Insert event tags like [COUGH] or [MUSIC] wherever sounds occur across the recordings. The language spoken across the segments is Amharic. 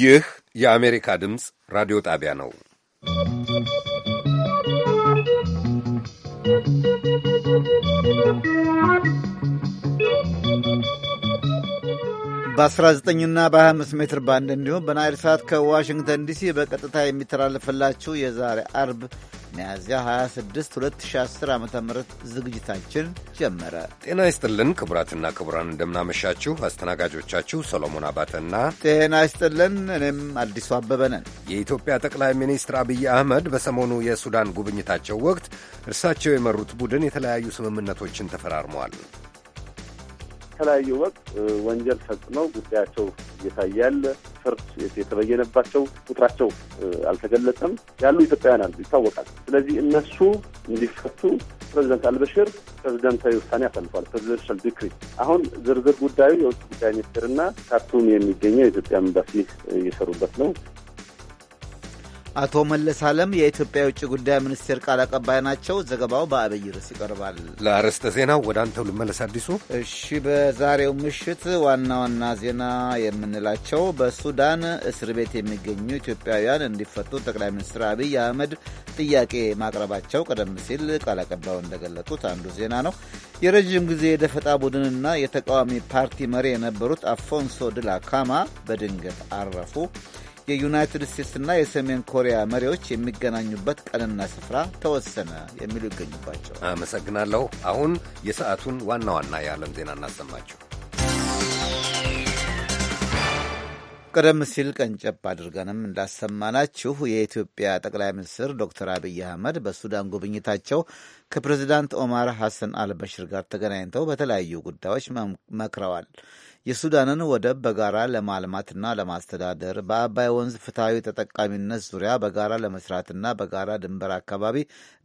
ይህ የአሜሪካ ድምፅ ራዲዮ ጣቢያ ነው። በ19ና በ25 ሜትር ባንድ እንዲሁም በናይል ሰዓት ከዋሽንግተን ዲሲ በቀጥታ የሚተላለፍላችሁ የዛሬ አርብ ሚያዝያ 26 2010 ዓ ም ዝግጅታችን ጀመረ። ጤና ይስጥልን ክቡራትና ክቡራን፣ እንደምናመሻችሁ። አስተናጋጆቻችሁ ሰሎሞን አባተና ጤና ይስጥልን፣ እኔም አዲሱ አበበ ነን። የኢትዮጵያ ጠቅላይ ሚኒስትር አብይ አህመድ በሰሞኑ የሱዳን ጉብኝታቸው ወቅት እርሳቸው የመሩት ቡድን የተለያዩ ስምምነቶችን ተፈራርመዋል። በተለያዩ ወቅት ወንጀል ፈጽመው ጉዳያቸው እየታያል ፍርድ የተበየነባቸው ቁጥራቸው አልተገለጸም ያሉ ኢትዮጵያውያን አሉ፣ ይታወቃል። ስለዚህ እነሱ እንዲፈቱ ፕሬዚደንት አልበሽር ፕሬዚደንታዊ ውሳኔ አሳልፏል። ፕሬዚደንሻል ዲክሪ። አሁን ዝርዝር ጉዳዩ የውጭ ጉዳይ ሚኒስትርና ካርቱም የሚገኘው የኢትዮጵያ ኤምባሲ እየሰሩበት ነው። አቶ መለስ አለም የኢትዮጵያ የውጭ ጉዳይ ሚኒስቴር ቃል አቀባይ ናቸው። ዘገባው በአብይ ርዕስ ይቀርባል። ለአርዕስተ ዜናው ወደ አንተው ልመለስ አዲሱ። እሺ፣ በዛሬው ምሽት ዋና ዋና ዜና የምንላቸው በሱዳን እስር ቤት የሚገኙ ኢትዮጵያውያን እንዲፈቱ ጠቅላይ ሚኒስትር አብይ አህመድ ጥያቄ ማቅረባቸው ቀደም ሲል ቃል አቀባዩ እንደገለጡት አንዱ ዜና ነው። የረዥም ጊዜ የደፈጣ ቡድንና የተቃዋሚ ፓርቲ መሪ የነበሩት አፎንሶ ድላካማ በድንገት አረፉ። የዩናይትድ ስቴትስና የሰሜን ኮሪያ መሪዎች የሚገናኙበት ቀንና ስፍራ ተወሰነ የሚሉ ይገኙባቸው። አመሰግናለሁ። አሁን የሰዓቱን ዋና ዋና የዓለም ዜና እናሰማችሁ። ቀደም ሲል ቀንጨብ አድርገንም እንዳሰማናችሁ የኢትዮጵያ ጠቅላይ ሚኒስትር ዶክተር አብይ አህመድ በሱዳን ጉብኝታቸው ከፕሬዚዳንት ኦማር ሐሰን አልበሽር ጋር ተገናኝተው በተለያዩ ጉዳዮች መክረዋል። የሱዳንን ወደብ በጋራ ለማልማትና ለማስተዳደር በአባይ ወንዝ ፍትሐዊ ተጠቃሚነት ዙሪያ በጋራ ለመስራትና በጋራ ድንበር አካባቢ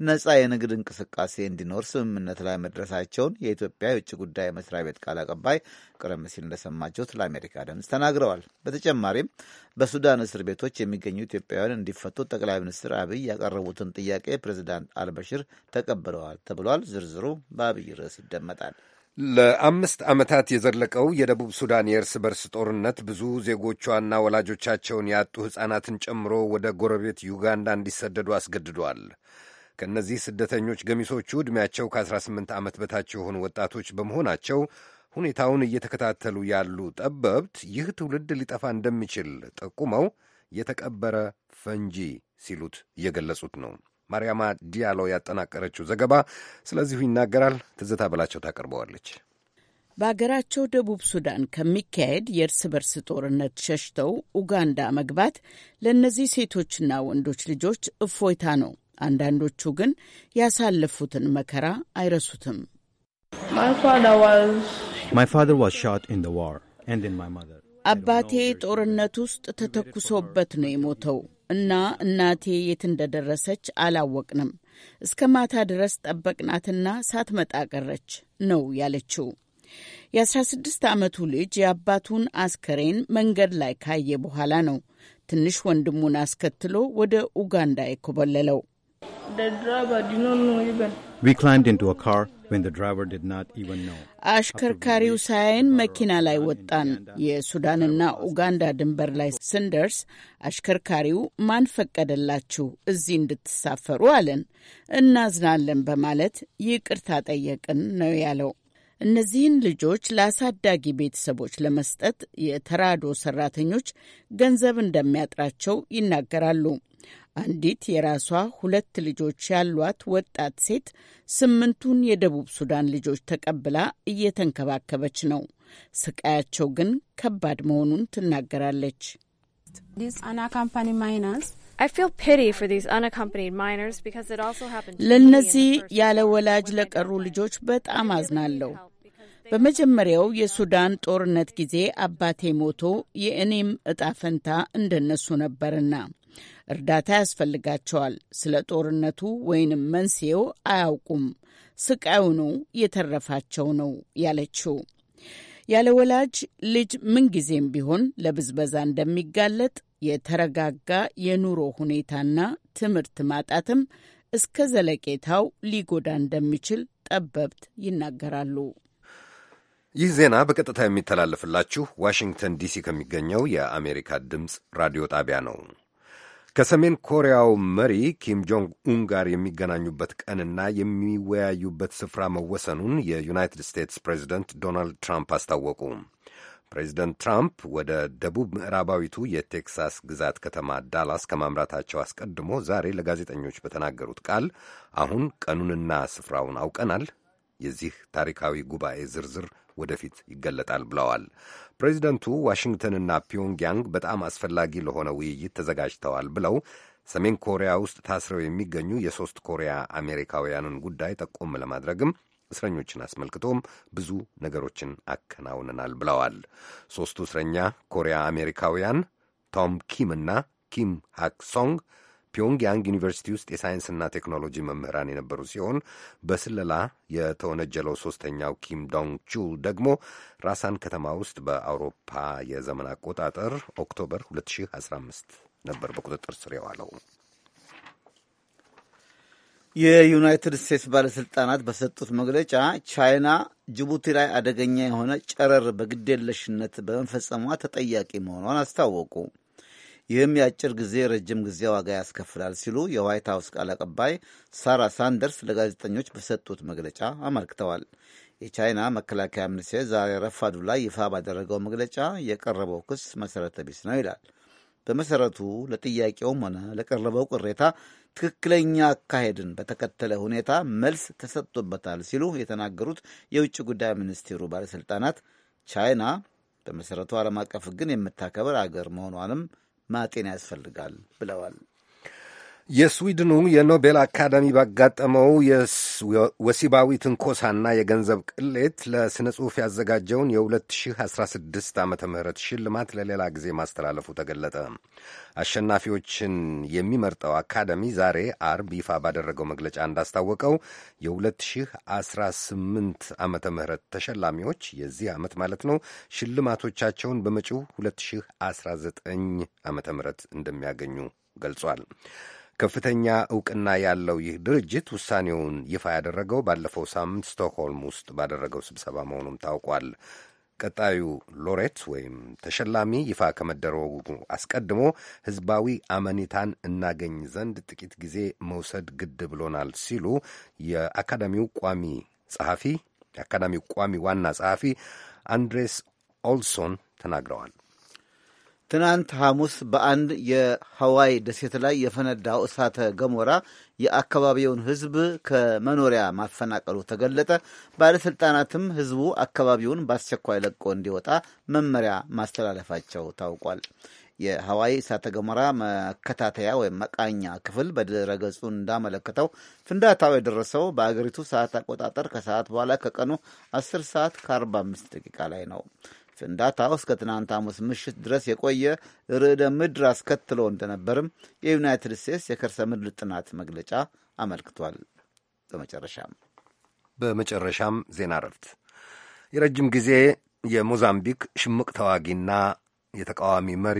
ነጻ የንግድ እንቅስቃሴ እንዲኖር ስምምነት ላይ መድረሳቸውን የኢትዮጵያ የውጭ ጉዳይ መስሪያ ቤት ቃል አቀባይ ቀደም ሲል እንደሰማችሁት ለአሜሪካ ድምፅ ተናግረዋል። በተጨማሪም በሱዳን እስር ቤቶች የሚገኙ ኢትዮጵያውያን እንዲፈቱ ጠቅላይ ሚኒስትር አብይ ያቀረቡትን ጥያቄ ፕሬዚዳንት አልበሽር ተቀብለዋል ተብሏል። ዝርዝሩ በአብይ ርዕስ ይደመጣል። ለአምስት ዓመታት የዘለቀው የደቡብ ሱዳን የእርስ በርስ ጦርነት ብዙ ዜጎቿና ወላጆቻቸውን ያጡ ሕፃናትን ጨምሮ ወደ ጎረቤት ዩጋንዳ እንዲሰደዱ አስገድዷል። ከእነዚህ ስደተኞች ገሚሶቹ ዕድሜያቸው ከ18 ዓመት በታች የሆኑ ወጣቶች በመሆናቸው ሁኔታውን እየተከታተሉ ያሉ ጠበብት ይህ ትውልድ ሊጠፋ እንደሚችል ጠቁመው የተቀበረ ፈንጂ ሲሉት እየገለጹት ነው። ማርያማ ዲያሎ ያጠናቀረችው ዘገባ ስለዚሁ ይናገራል። ትዝታ በላቸው ታቀርበዋለች። በአገራቸው ደቡብ ሱዳን ከሚካሄድ የእርስ በርስ ጦርነት ሸሽተው ኡጋንዳ መግባት ለእነዚህ ሴቶችና ወንዶች ልጆች እፎይታ ነው። አንዳንዶቹ ግን ያሳለፉትን መከራ አይረሱትም። አባቴ ጦርነት ውስጥ ተተኩሶበት ነው የሞተው። እና እናቴ የት እንደደረሰች አላወቅንም። እስከ ማታ ድረስ ጠበቅናትና ሳትመጣ ቀረች ነው ያለችው። የ16 ዓመቱ ልጅ የአባቱን አስከሬን መንገድ ላይ ካየ በኋላ ነው ትንሽ ወንድሙን አስከትሎ ወደ ኡጋንዳ የኮበለለው። አሽከርካሪው ሳያይን መኪና ላይ ወጣን። የሱዳንና ኡጋንዳ ድንበር ላይ ስንደርስ አሽከርካሪው ማን ፈቀደላችሁ እዚህ እንድትሳፈሩ አለን። እናዝናለን በማለት ይቅርታ ጠየቅን ነው ያለው። እነዚህን ልጆች ለአሳዳጊ ቤተሰቦች ለመስጠት የተራዶ ሰራተኞች ገንዘብ እንደሚያጥራቸው ይናገራሉ። አንዲት የራሷ ሁለት ልጆች ያሏት ወጣት ሴት ስምንቱን የደቡብ ሱዳን ልጆች ተቀብላ እየተንከባከበች ነው። ስቃያቸው ግን ከባድ መሆኑን ትናገራለች። ለእነዚህ ያለ ወላጅ ለቀሩ ልጆች በጣም አዝናለሁ። በመጀመሪያው የሱዳን ጦርነት ጊዜ አባቴ ሞቶ የእኔም እጣ ፈንታ እንደነሱ ነበርና እርዳታ ያስፈልጋቸዋል። ስለ ጦርነቱ ወይንም መንስኤው አያውቁም። ስቃዩ ነው የተረፋቸው ነው ያለችው። ያለ ወላጅ ልጅ ምንጊዜም ቢሆን ለብዝበዛ እንደሚጋለጥ የተረጋጋ የኑሮ ሁኔታና ትምህርት ማጣትም እስከ ዘለቄታው ሊጎዳ እንደሚችል ጠበብት ይናገራሉ። ይህ ዜና በቀጥታ የሚተላለፍላችሁ ዋሽንግተን ዲሲ ከሚገኘው የአሜሪካ ድምፅ ራዲዮ ጣቢያ ነው። ከሰሜን ኮሪያው መሪ ኪም ጆንግ ኡን ጋር የሚገናኙበት ቀንና የሚወያዩበት ስፍራ መወሰኑን የዩናይትድ ስቴትስ ፕሬዚደንት ዶናልድ ትራምፕ አስታወቁ። ፕሬዚደንት ትራምፕ ወደ ደቡብ ምዕራባዊቱ የቴክሳስ ግዛት ከተማ ዳላስ ከማምራታቸው አስቀድሞ ዛሬ ለጋዜጠኞች በተናገሩት ቃል አሁን ቀኑንና ስፍራውን አውቀናል፣ የዚህ ታሪካዊ ጉባኤ ዝርዝር ወደፊት ይገለጣል ብለዋል። ፕሬዚደንቱ ዋሽንግተንና ፒዮንግያንግ በጣም አስፈላጊ ለሆነ ውይይት ተዘጋጅተዋል ብለው ሰሜን ኮሪያ ውስጥ ታስረው የሚገኙ የሶስት ኮሪያ አሜሪካውያንን ጉዳይ ጠቆም ለማድረግም እስረኞችን አስመልክቶም ብዙ ነገሮችን አከናውነናል ብለዋል። ሦስቱ እስረኛ ኮሪያ አሜሪካውያን ቶም ኪም እና ኪም ሃክ ሶንግ ፒዮንግያንግ ዩኒቨርሲቲ ውስጥ የሳይንስና ቴክኖሎጂ መምህራን የነበሩ ሲሆን በስለላ የተወነጀለው ሶስተኛው ኪም ዶንግ ቹ ደግሞ ራሳን ከተማ ውስጥ በአውሮፓ የዘመን አቆጣጠር ኦክቶበር 2015 ነበር በቁጥጥር ስር የዋለው። የዩናይትድ ስቴትስ ባለሥልጣናት በሰጡት መግለጫ ቻይና ጅቡቲ ላይ አደገኛ የሆነ ጨረር በግዴለሽነት በመፈጸሟ ተጠያቂ መሆኗን አስታወቁ። ይህም የአጭር ጊዜ ረጅም ጊዜ ዋጋ ያስከፍላል ሲሉ የዋይት ሀውስ ቃል አቀባይ ሳራ ሳንደርስ ለጋዜጠኞች በሰጡት መግለጫ አመልክተዋል። የቻይና መከላከያ ሚኒስቴር ዛሬ ረፋዱ ላይ ይፋ ባደረገው መግለጫ የቀረበው ክስ መሠረተ ቢስ ነው ይላል። በመሠረቱ ለጥያቄውም ሆነ ለቀረበው ቅሬታ ትክክለኛ አካሄድን በተከተለ ሁኔታ መልስ ተሰጥቶበታል ሲሉ የተናገሩት የውጭ ጉዳይ ሚኒስቴሩ ባለሥልጣናት ቻይና በመሠረቱ ዓለም አቀፍ ሕግን የምታከብር አገር መሆኗንም ማጤን ያስፈልጋል ብለዋል። የስዊድኑ የኖቤል አካዳሚ ባጋጠመው ወሲባዊ ትንኮሳና የገንዘብ ቅሌት ለሥነ ጽሑፍ ያዘጋጀውን የ2016 ዓ ም ሽልማት ለሌላ ጊዜ ማስተላለፉ ተገለጠ። አሸናፊዎችን የሚመርጠው አካዳሚ ዛሬ አርብ ይፋ ባደረገው መግለጫ እንዳስታወቀው የ2018 ዓ ም ተሸላሚዎች የዚህ ዓመት ማለት ነው ሽልማቶቻቸውን በመጪው 2019 ዓ ም እንደሚያገኙ ገልጿል። ከፍተኛ እውቅና ያለው ይህ ድርጅት ውሳኔውን ይፋ ያደረገው ባለፈው ሳምንት ስቶክሆልም ውስጥ ባደረገው ስብሰባ መሆኑም ታውቋል። ቀጣዩ ሎሬት ወይም ተሸላሚ ይፋ ከመደረጉ አስቀድሞ ሕዝባዊ አመኔታን እናገኝ ዘንድ ጥቂት ጊዜ መውሰድ ግድ ብሎናል ሲሉ የአካዳሚው ቋሚ ጸሐፊ የአካዳሚው ቋሚ ዋና ጸሐፊ አንድሬስ ኦልሶን ተናግረዋል። ትናንት ሐሙስ በአንድ የሐዋይ ደሴት ላይ የፈነዳው እሳተ ገሞራ የአካባቢውን ሕዝብ ከመኖሪያ ማፈናቀሉ ተገለጠ። ባለሥልጣናትም ሕዝቡ አካባቢውን በአስቸኳይ ለቆ እንዲወጣ መመሪያ ማስተላለፋቸው ታውቋል። የሐዋይ እሳተ ገሞራ መከታተያ ወይም መቃኛ ክፍል በድረ ገጹ እንዳመለከተው ፍንዳታው የደረሰው በአገሪቱ ሰዓት አቆጣጠር ከሰዓት በኋላ ከቀኑ 10 ሰዓት ከ45 ደቂቃ ላይ ነው። ፍንዳታው እስከ ትናንት ሐሙስ ምሽት ድረስ የቆየ ርዕደ ምድር አስከትሎ እንደነበርም የዩናይትድ ስቴትስ የከርሰ ምድር ጥናት መግለጫ አመልክቷል። በመጨረሻም በመጨረሻም ዜና እረፍት የረጅም ጊዜ የሞዛምቢክ ሽምቅ ተዋጊና የተቃዋሚ መሪ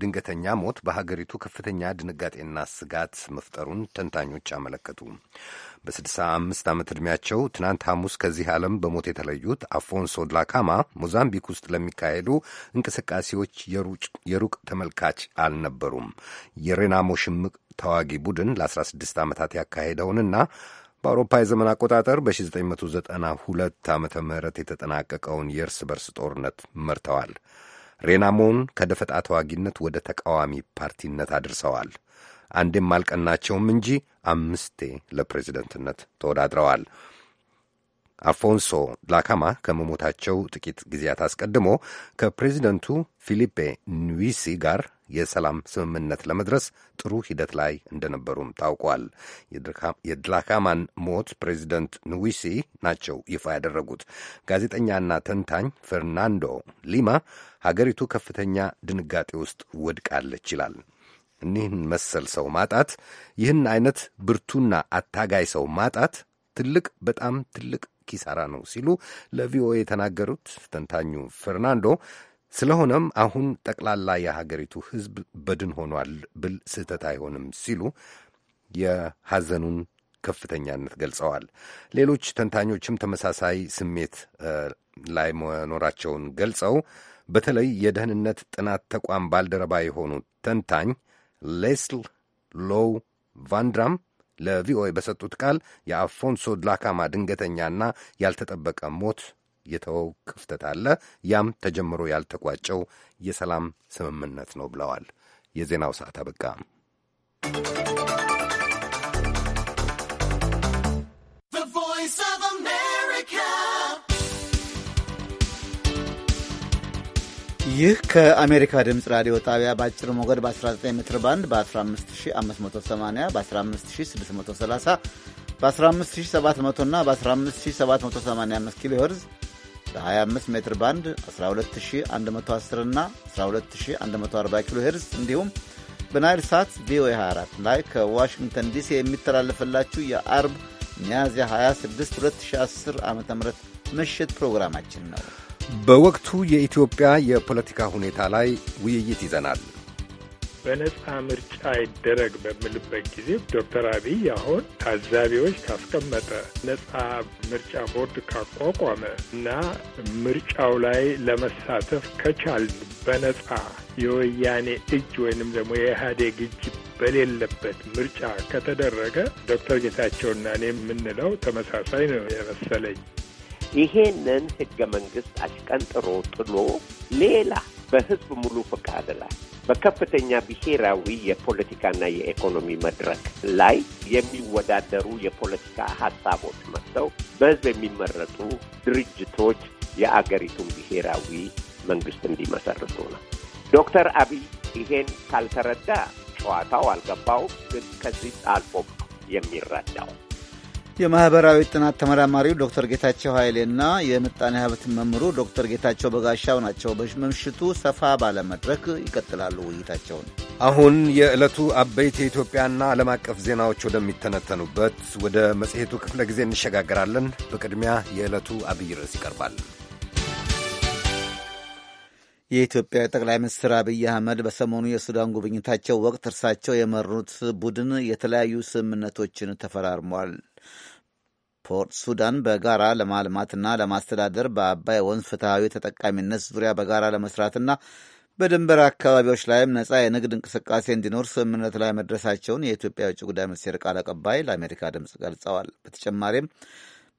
ድንገተኛ ሞት በሀገሪቱ ከፍተኛ ድንጋጤና ስጋት መፍጠሩን ተንታኞች አመለከቱ። በ65 ዓመት ዕድሜያቸው ትናንት ሐሙስ ከዚህ ዓለም በሞት የተለዩት አፎንሶ ድላካማ ሞዛምቢክ ውስጥ ለሚካሄዱ እንቅስቃሴዎች የሩቅ ተመልካች አልነበሩም። የሬናሞ ሽምቅ ተዋጊ ቡድን ለ16 ዓመታት ያካሄደውንና በአውሮፓ የዘመን አቆጣጠር በ1992 ዓ ም የተጠናቀቀውን የእርስ በርስ ጦርነት መርተዋል። ሬናሞን ከደፈጣ ተዋጊነት ወደ ተቃዋሚ ፓርቲነት አድርሰዋል። አንዴም አልቀናቸውም እንጂ አምስቴ ለፕሬዚደንትነት ተወዳድረዋል። አልፎንሶ ላካማ ከመሞታቸው ጥቂት ጊዜያት አስቀድሞ ከፕሬዚደንቱ ፊሊፔ ኑዊሲ ጋር የሰላም ስምምነት ለመድረስ ጥሩ ሂደት ላይ እንደነበሩም ታውቋል። የድላካማን ሞት ፕሬዚደንት ኑዊሲ ናቸው ይፋ ያደረጉት። ጋዜጠኛና ተንታኝ ፈርናንዶ ሊማ ሀገሪቱ ከፍተኛ ድንጋጤ ውስጥ ወድቃለች ይላል። እኒህን መሰል ሰው ማጣት፣ ይህን አይነት ብርቱና አታጋይ ሰው ማጣት ትልቅ በጣም ትልቅ ኪሳራ ነው ሲሉ ለቪኦኤ የተናገሩት ተንታኙ ፈርናንዶ ስለሆነም አሁን ጠቅላላ የሀገሪቱ ሕዝብ በድን ሆኗል ብል ስህተት አይሆንም ሲሉ የሐዘኑን ከፍተኛነት ገልጸዋል። ሌሎች ተንታኞችም ተመሳሳይ ስሜት ላይ መኖራቸውን ገልጸው በተለይ የደህንነት ጥናት ተቋም ባልደረባ የሆኑ ተንታኝ ሌስል ሎው ቫንድራም ለቪኦኤ በሰጡት ቃል የአፎንሶ ድላካማ ድንገተኛና ያልተጠበቀ ሞት የተወው ክፍተት አለ። ያም ተጀምሮ ያልተቋጨው የሰላም ስምምነት ነው ብለዋል። የዜናው ሰዓት አበቃ። ይህ ከአሜሪካ ድምፅ ራዲዮ ጣቢያ በአጭር ሞገድ በ19 ሜትር ባንድ በ15580 በ15630 በ15700 እና በ15785 ኪሎ ሄርዝ በ25 ሜትር ባንድ 12110 እና 12140 ኪሎ ሄርዝ እንዲሁም በናይል ሳት ቪኦኤ 24 ላይ ከዋሽንግተን ዲሲ የሚተላለፍላችሁ የአርብ ሚያዝያ 26 2010 ዓ ም ምሽት ፕሮግራማችን ነው። በወቅቱ የኢትዮጵያ የፖለቲካ ሁኔታ ላይ ውይይት ይዘናል። በነጻ ምርጫ ይደረግ በምልበት ጊዜ ዶክተር አብይ አሁን ታዛቢዎች ካስቀመጠ ነጻ ምርጫ ቦርድ ካቋቋመ እና ምርጫው ላይ ለመሳተፍ ከቻል በነጻ የወያኔ እጅ ወይንም ደግሞ የኢህአዴግ እጅ በሌለበት ምርጫ ከተደረገ ዶክተር ጌታቸውና እኔ የምንለው ተመሳሳይ ነው የመሰለኝ። ይሄንን ህገ መንግስት አሽቀንጥሮ ጥሎ ሌላ በህዝብ ሙሉ ፈቃድ ላይ በከፍተኛ ብሔራዊ የፖለቲካና የኢኮኖሚ መድረክ ላይ የሚወዳደሩ የፖለቲካ ሀሳቦች መጥተው በህዝብ የሚመረጡ ድርጅቶች የአገሪቱን ብሔራዊ መንግስት እንዲመሰርቱ ነው። ዶክተር አብይ ይሄን ካልተረዳ ጨዋታው አልገባው፣ ግን ከዚህ አልፎ የሚረዳው የማህበራዊ ጥናት ተመራማሪው ዶክተር ጌታቸው ኃይሌና የምጣኔ ሀብት መምህሩ ዶክተር ጌታቸው በጋሻው ናቸው። በምሽቱ ሰፋ ባለመድረክ ይቀጥላሉ ውይይታቸውን። አሁን የዕለቱ አበይት የኢትዮጵያና ዓለም አቀፍ ዜናዎች ወደሚተነተኑበት ወደ መጽሔቱ ክፍለ ጊዜ እንሸጋገራለን። በቅድሚያ የዕለቱ አብይ ርዕስ ይቀርባል። የኢትዮጵያ ጠቅላይ ሚኒስትር አብይ አህመድ በሰሞኑ የሱዳን ጉብኝታቸው ወቅት እርሳቸው የመሩት ቡድን የተለያዩ ስምምነቶችን ተፈራርሟል። ፖርት ሱዳን በጋራ ለማልማትና ለማስተዳደር በአባይ ወንዝ ፍትሐዊ ተጠቃሚነት ዙሪያ በጋራ ለመስራትና በድንበር አካባቢዎች ላይም ነጻ የንግድ እንቅስቃሴ እንዲኖር ስምምነት ላይ መድረሳቸውን የኢትዮጵያ የውጭ ጉዳይ ሚኒስቴር ቃል አቀባይ ለአሜሪካ ድምፅ ገልጸዋል። በተጨማሪም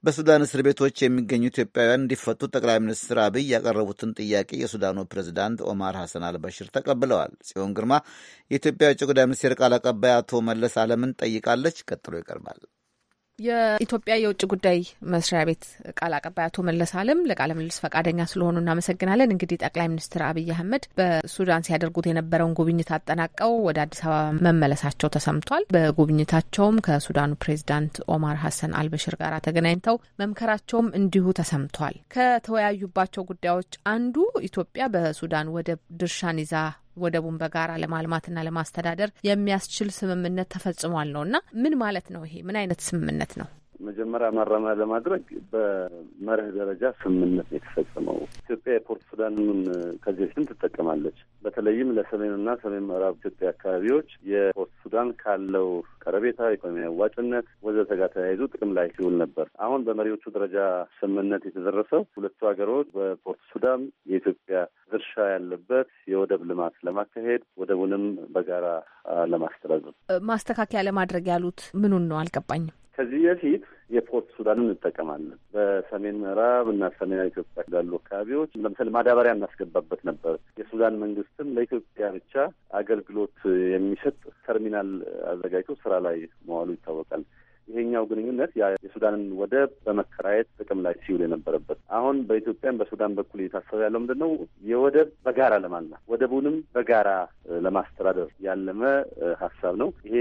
በሱዳን እስር ቤቶች የሚገኙ ኢትዮጵያውያን እንዲፈቱ ጠቅላይ ሚኒስትር አብይ ያቀረቡትን ጥያቄ የሱዳኑ ፕሬዚዳንት ኦማር ሐሰን አልበሽር ተቀብለዋል። ጽዮን ግርማ የኢትዮጵያ የውጭ ጉዳይ ሚኒስቴር ቃል አቀባይ አቶ መለስ አለምን ጠይቃለች። ቀጥሎ ይቀርባል። የኢትዮጵያ የውጭ ጉዳይ መስሪያ ቤት ቃል አቀባይ አቶ መለስ አለም ለቃለ ምልልስ ፈቃደኛ ስለሆኑ እናመሰግናለን። እንግዲህ ጠቅላይ ሚኒስትር አብይ አህመድ በሱዳን ሲያደርጉት የነበረውን ጉብኝት አጠናቀው ወደ አዲስ አበባ መመለሳቸው ተሰምቷል። በጉብኝታቸውም ከሱዳኑ ፕሬዚዳንት ኦማር ሀሰን አልበሽር ጋር ተገናኝተው መምከራቸውም እንዲሁ ተሰምቷል። ከተወያዩባቸው ጉዳዮች አንዱ ኢትዮጵያ በሱዳን ወደብ ድርሻን ይዛ ወደቡን በጋራ ለማልማትና ለማስተዳደር የሚያስችል ስምምነት ተፈጽሟል ነው እና ምን ማለት ነው ይሄ? ምን አይነት ስምምነት ነው? መጀመሪያ ማራሚያ ለማድረግ በመርህ ደረጃ ስምምነት የተፈጸመው ኢትዮጵያ የፖርት ሱዳንን ከዚህ በፊትም ትጠቀማለች። በተለይም ለሰሜንና ሰሜን ምዕራብ ኢትዮጵያ አካባቢዎች የፖርት ሱዳን ካለው ቀረቤታ፣ ኢኮኖሚ አዋጭነት ወዘተ ጋር ተያይዞ ጥቅም ላይ ሲውል ነበር። አሁን በመሪዎቹ ደረጃ ስምምነት የተደረሰው ሁለቱ ሀገሮች በፖርት ሱዳን የኢትዮጵያ ድርሻ ያለበት የወደብ ልማት ለማካሄድ ወደቡንም በጋራ ለማስተዳደር ማስተካከያ ለማድረግ ያሉት ምኑን ነው? አልገባኝም። ከዚህ በፊት የፖርት ሱዳንን እንጠቀማለን። በሰሜን ምዕራብ እና ሰሜናዊ ኢትዮጵያ ላሉ አካባቢዎች ለምሳሌ ማዳበሪያ እናስገባበት ነበር። የሱዳን መንግስትም ለኢትዮጵያ ብቻ አገልግሎት የሚሰጥ ተርሚናል አዘጋጅቶ ስራ ላይ መዋሉ ይታወቃል። ይሄኛው ግንኙነት የሱዳንን ወደብ በመከራየት ጥቅም ላይ ሲውል የነበረበት አሁን በኢትዮጵያን በሱዳን በኩል እየታሰበ ያለው ምንድን ነው? የወደብ በጋራ ለማልማት ወደቡንም በጋራ ለማስተዳደር ያለመ ሀሳብ ነው። ይሄ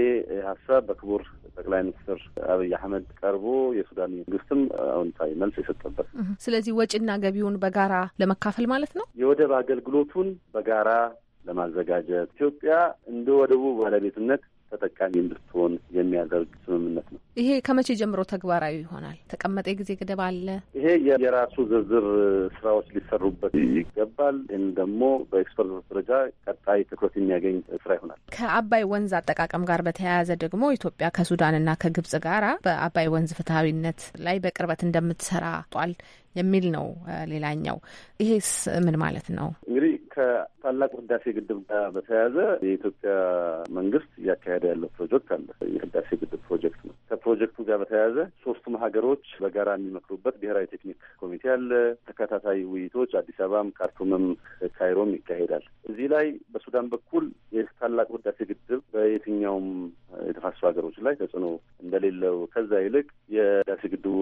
ሀሳብ በክቡር ጠቅላይ ሚኒስትር አብይ አህመድ ቀርቦ የሱዳን መንግስትም አዎንታዊ መልስ የሰጠበት። ስለዚህ ወጪና ገቢውን በጋራ ለመካፈል ማለት ነው። የወደብ አገልግሎቱን በጋራ ለማዘጋጀት ኢትዮጵያ እንደ ወደቡ ባለቤትነት ተጠቃሚ እንድትሆን የሚያደርግ ስምምነት ነው። ይሄ ከመቼ ጀምሮ ተግባራዊ ይሆናል? ተቀመጠ የጊዜ ገደብ አለ? ይሄ የራሱ ዝርዝር ስራዎች ሊሰሩበት ይገባል። ይህም ደግሞ በኤክስፐርት ደረጃ ቀጣይ ትኩረት የሚያገኝ ስራ ይሆናል። ከአባይ ወንዝ አጠቃቀም ጋር በተያያዘ ደግሞ ኢትዮጵያ ከሱዳንና ከግብጽ ጋራ በአባይ ወንዝ ፍትሐዊነት ላይ በቅርበት እንደምትሰራ ጧል የሚል ነው። ሌላኛው ይሄስ ምን ማለት ነው? እንግዲህ ከታላቁ ህዳሴ ግድብ ጋር በተያያዘ የኢትዮጵያ መንግስት እያካሄደ ያለው ፕሮጀክት አለ። የህዳሴ ግድብ ፕሮጀክት ነው። ከፕሮጀክቱ ጋር በተያያዘ ሶስቱም ሀገሮች በጋራ የሚመክሩበት ብሔራዊ ቴክኒክ ኮሚቴ አለ። ተከታታይ ውይይቶች አዲስ አበባም፣ ካርቱምም፣ ካይሮም ይካሄዳል። እዚህ ላይ በሱዳን በኩል የታላቁ ህዳሴ ግድብ በየትኛውም የተፋሰሱ ሀገሮች ላይ ተጽዕኖ እንደሌለው ከዛ ይልቅ የህዳሴ ግድቡ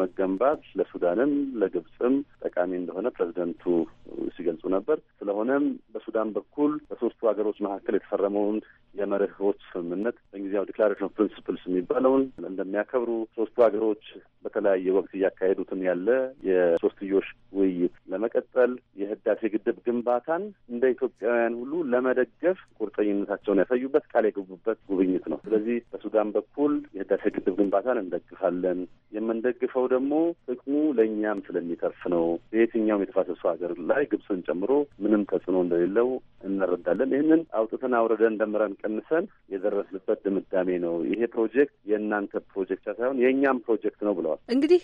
መገንባት ለሱዳንም ለግብፅም ጠቃሚ እንደሆነ ፕሬዚደንቱ ሲገልጹ ነበር። ስለሆነም በሱዳን በኩል በሶስቱ ሀገሮች መካከል የተፈረመውን የመርህዎች ስምምነት በእንግሊዝኛው ዲክላሬሽን ኦፍ ፕሪንስፕልስ የሚባለውን እንደሚያከብሩ ሶስቱ ሀገሮች በተለያየ ወቅት እያካሄዱትን ያለ የሶስትዮሽ ውይይት ለመቀጠል የህዳሴ ግድብ ግንባታን እንደ ኢትዮጵያውያን ሁሉ ለመደገፍ ቁርጠኝነታቸውን ያሳዩበት ቃል የገቡበት ጉብኝት ነው። ስለዚህ በሱዳን በኩል የህዳሴ ግንባታን እንደግፋለን። የምንደግፈው ደግሞ ጥቅሙ ለእኛም ስለሚተርፍ ነው። በየትኛውም የተፋሰሱ ሀገር ላይ ግብፅን ጨምሮ ምንም ተጽዕኖ እንደሌለው እንረዳለን። ይህንን አውጥተን አውረደን ደምረን ቀንሰን የደረስንበት ድምዳሜ ነው። ይሄ ፕሮጀክት የእናንተ ፕሮጀክት ሳይሆን የእኛም ፕሮጀክት ነው ብለዋል። እንግዲህ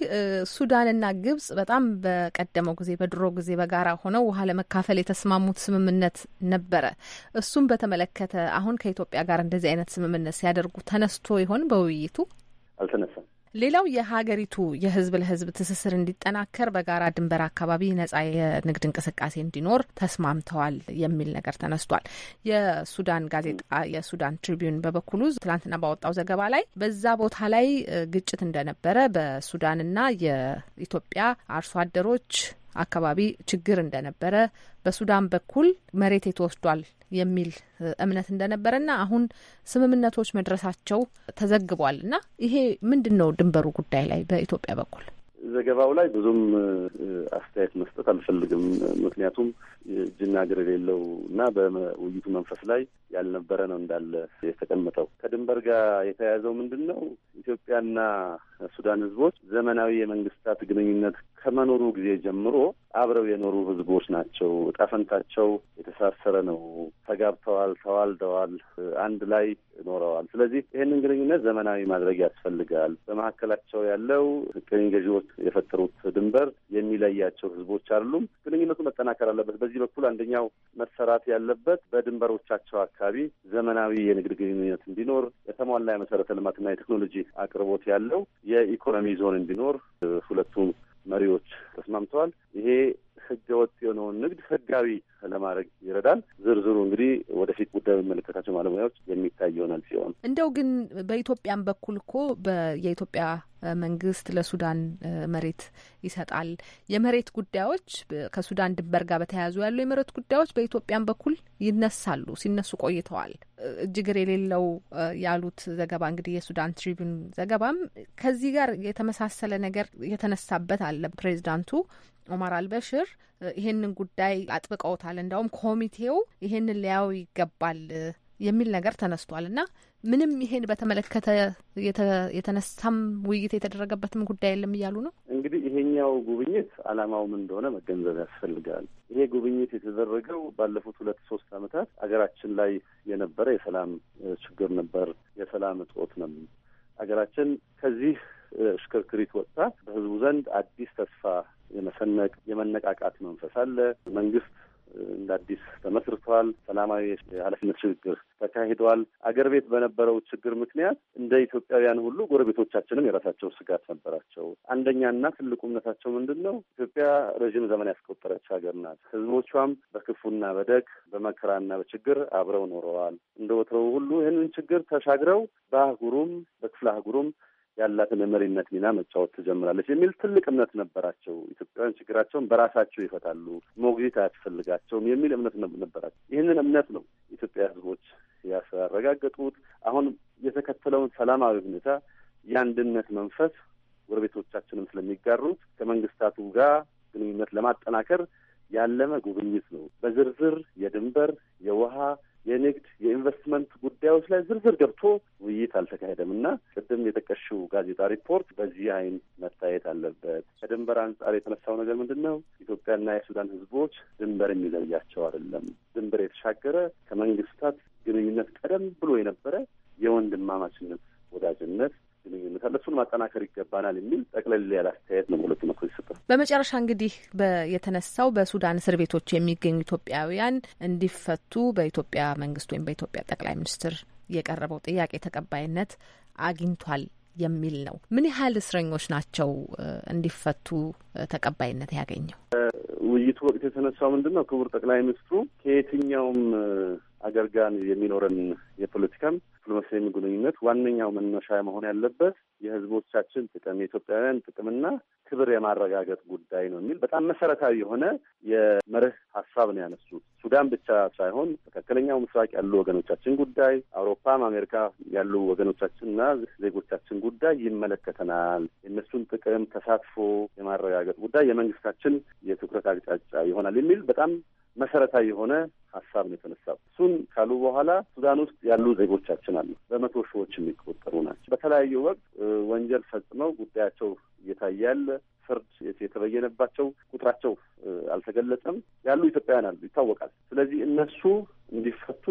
ሱዳንና ግብጽ በጣም በቀደመው ጊዜ በድሮ ጊዜ በጋራ ሆነው ውሃ ለመካፈል የተስማሙት ስምምነት ነበረ። እሱም በተመለከተ አሁን ከኢትዮጵያ ጋር እንደዚህ አይነት ስምምነት ሲያደርጉ ተነስቶ ይሆን በውይይቱ? አልተነሳም። ሌላው የሀገሪቱ የህዝብ ለህዝብ ትስስር እንዲጠናከር በጋራ ድንበር አካባቢ ነጻ የንግድ እንቅስቃሴ እንዲኖር ተስማምተዋል የሚል ነገር ተነስቷል። የሱዳን ጋዜጣ የሱዳን ትሪቢዩን በበኩሉ ትላንትና ባወጣው ዘገባ ላይ በዛ ቦታ ላይ ግጭት እንደነበረ በሱዳንና የኢትዮጵያ አርሶ አደሮች አካባቢ ችግር እንደነበረ በሱዳን በኩል መሬት የተወስዷል የሚል እምነት እንደነበረ እና አሁን ስምምነቶች መድረሳቸው ተዘግቧል እና ይሄ ምንድን ነው ድንበሩ ጉዳይ ላይ በኢትዮጵያ በኩል ዘገባው ላይ ብዙም አስተያየት መስጠት አልፈልግም። ምክንያቱም እጅና እግር የሌለው እና በውይይቱ መንፈስ ላይ ያልነበረ ነው እንዳለ የተቀመጠው። ከድንበር ጋር የተያያዘው ምንድን ነው? ኢትዮጵያና ሱዳን ህዝቦች ዘመናዊ የመንግስታት ግንኙነት ከመኖሩ ጊዜ ጀምሮ አብረው የኖሩ ህዝቦች ናቸው። እጣ ፈንታቸው የተሳሰረ ነው። ተጋብተዋል፣ ተዋልደዋል፣ አንድ ላይ ኖረዋል። ስለዚህ ይህንን ግንኙነት ዘመናዊ ማድረግ ያስፈልጋል። በመካከላቸው ያለው ቅኝ ገዢዎች የፈጠሩት ድንበር የሚለያቸው ህዝቦች አሉም። ግንኙነቱ መጠናከር አለበት። በዚህ በኩል አንደኛው መሰራት ያለበት በድንበሮቻቸው አካባቢ ዘመናዊ የንግድ ግንኙነት እንዲኖር የተሟላ የመሰረተ ልማትና የቴክኖሎጂ አቅርቦት ያለው የኢኮኖሚ ዞን እንዲኖር ሁለቱ መሪዎች ተስማምተዋል። ይሄ ህገ ወጥ የሆነውን ንግድ ህጋዊ ለማድረግ ይረዳል። ዝርዝሩ እንግዲህ ወደፊት ጉዳዩ የሚመለከታቸው ባለሙያዎች የሚታይ ይሆናል ሲሆን እንደው ግን በኢትዮጵያን በኩል እኮ የኢትዮጵያ መንግስት ለሱዳን መሬት ይሰጣል። የመሬት ጉዳዮች ከሱዳን ድንበር ጋር በተያያዙ ያሉ የመሬት ጉዳዮች በኢትዮጵያን በኩል ይነሳሉ፣ ሲነሱ ቆይተዋል። እጅግር የሌለው ያሉት ዘገባ እንግዲህ የሱዳን ትሪቢዩን ዘገባም ከዚህ ጋር የተመሳሰለ ነገር የተነሳበት አለ። ፕሬዚዳንቱ ኦማር አልበሽር ይህንን ጉዳይ አጥብቀውታል። እንዲያውም ኮሚቴው ይህንን ሊያው ይገባል የሚል ነገር ተነስቷል እና ምንም ይሄን በተመለከተ የተነሳም ውይይት የተደረገበትም ጉዳይ የለም እያሉ ነው። እንግዲህ ይሄኛው ጉብኝት አላማውም እንደሆነ መገንዘብ ያስፈልጋል። ይሄ ጉብኝት የተደረገው ባለፉት ሁለት ሶስት ዓመታት አገራችን ላይ የነበረ የሰላም ችግር ነበር፣ የሰላም እጦት ነው። አገራችን ከዚህ እሽክርክሪት ወጥታ በህዝቡ ዘንድ አዲስ ተስፋ የመሰነቅ የመነቃቃት መንፈስ አለ። መንግስት እንደ አዲስ ተመስርተዋል። ሰላማዊ የኃላፊነት ሽግግር ተካሂዷል። አገር ቤት በነበረው ችግር ምክንያት እንደ ኢትዮጵያውያን ሁሉ ጎረቤቶቻችንም የራሳቸው ስጋት ነበራቸው። አንደኛና ትልቁ እምነታቸው ምንድን ነው? ኢትዮጵያ ረዥም ዘመን ያስቆጠረች ሀገር ናት። ህዝቦቿም በክፉና በደግ በመከራና በችግር አብረው ኖረዋል። እንደ ወትሮው ሁሉ ይህንን ችግር ተሻግረው በአህጉሩም በክፍለ አህጉሩም ያላትን የመሪነት ሚና መጫወት ትጀምራለች የሚል ትልቅ እምነት ነበራቸው። ኢትዮጵያውያን ችግራቸውን በራሳቸው ይፈታሉ፣ ሞግዚት አያስፈልጋቸውም የሚል እምነት ነበራቸው። ይህንን እምነት ነው ኢትዮጵያ ሕዝቦች ያረጋገጡት። አሁን የተከተለውን ሰላማዊ ሁኔታ የአንድነት መንፈስ ጎረቤቶቻችንም ስለሚጋሩት ከመንግስታቱ ጋር ግንኙነት ለማጠናከር ያለመ ጉብኝት ነው። በዝርዝር የድንበር የውሃ የንግድ፣ የኢንቨስትመንት ጉዳዮች ላይ ዝርዝር ገብቶ ውይይት አልተካሄደም እና ቅድም የጠቀሽው ጋዜጣ ሪፖርት በዚህ አይን መታየት አለበት። ከድንበር አንጻር የተነሳው ነገር ምንድን ነው? ኢትዮጵያና የሱዳን ህዝቦች ድንበር የሚለያቸው አይደለም። ድንበር የተሻገረ ከመንግስታት ግንኙነት ቀደም ብሎ የነበረ የወንድማማችነት ወዳጅነት ግንኙነት አለ። እሱን ማጠናከር ይገባናል የሚል ጠቅለል ያለ አስተያየት ነው በሁለቱ መቶ ይሰጣል። በመጨረሻ እንግዲህ የተነሳው በሱዳን እስር ቤቶች የሚገኙ ኢትዮጵያውያን እንዲፈቱ በኢትዮጵያ መንግስት ወይም በኢትዮጵያ ጠቅላይ ሚኒስትር የቀረበው ጥያቄ ተቀባይነት አግኝቷል የሚል ነው። ምን ያህል እስረኞች ናቸው እንዲፈቱ ተቀባይነት ያገኘው? ውይይቱ ወቅት የተነሳው ምንድን ነው ክቡር ጠቅላይ ሚኒስትሩ ከየትኛውም አገር ጋር የሚኖረን የፖለቲካም ዲፕሎማሲያዊ ግንኙነት ዋነኛው መነሻ መሆን ያለበት የህዝቦቻችን ጥቅም የኢትዮጵያውያን ጥቅምና ክብር የማረጋገጥ ጉዳይ ነው የሚል በጣም መሰረታዊ የሆነ የመርህ ሀሳብ ነው ያነሱት። ሱዳን ብቻ ሳይሆን መካከለኛው ምስራቅ ያሉ ወገኖቻችን ጉዳይ፣ አውሮፓም አሜሪካ ያሉ ወገኖቻችንና ዜጎቻችን ጉዳይ ይመለከተናል። የእነሱን ጥቅም ተሳትፎ የማረጋገጥ ጉዳይ የመንግስታችን የትኩረት አቅጫጫ ይሆናል የሚል በጣም መሰረታዊ የሆነ ሀሳብ ነው የተነሳው። እሱን ካሉ በኋላ ሱዳን ውስጥ ያሉ ዜጎቻችን አሉ፣ በመቶ ሺዎች የሚቆጠሩ ናቸው። በተለያዩ ወቅት ወንጀል ፈጽመው ጉዳያቸው እየታያል ፍርድ የተበየነባቸው ቁጥራቸው አልተገለጸም ያሉ ኢትዮጵያውያን አሉ፣ ይታወቃል። ስለዚህ እነሱ እንዲፈቱ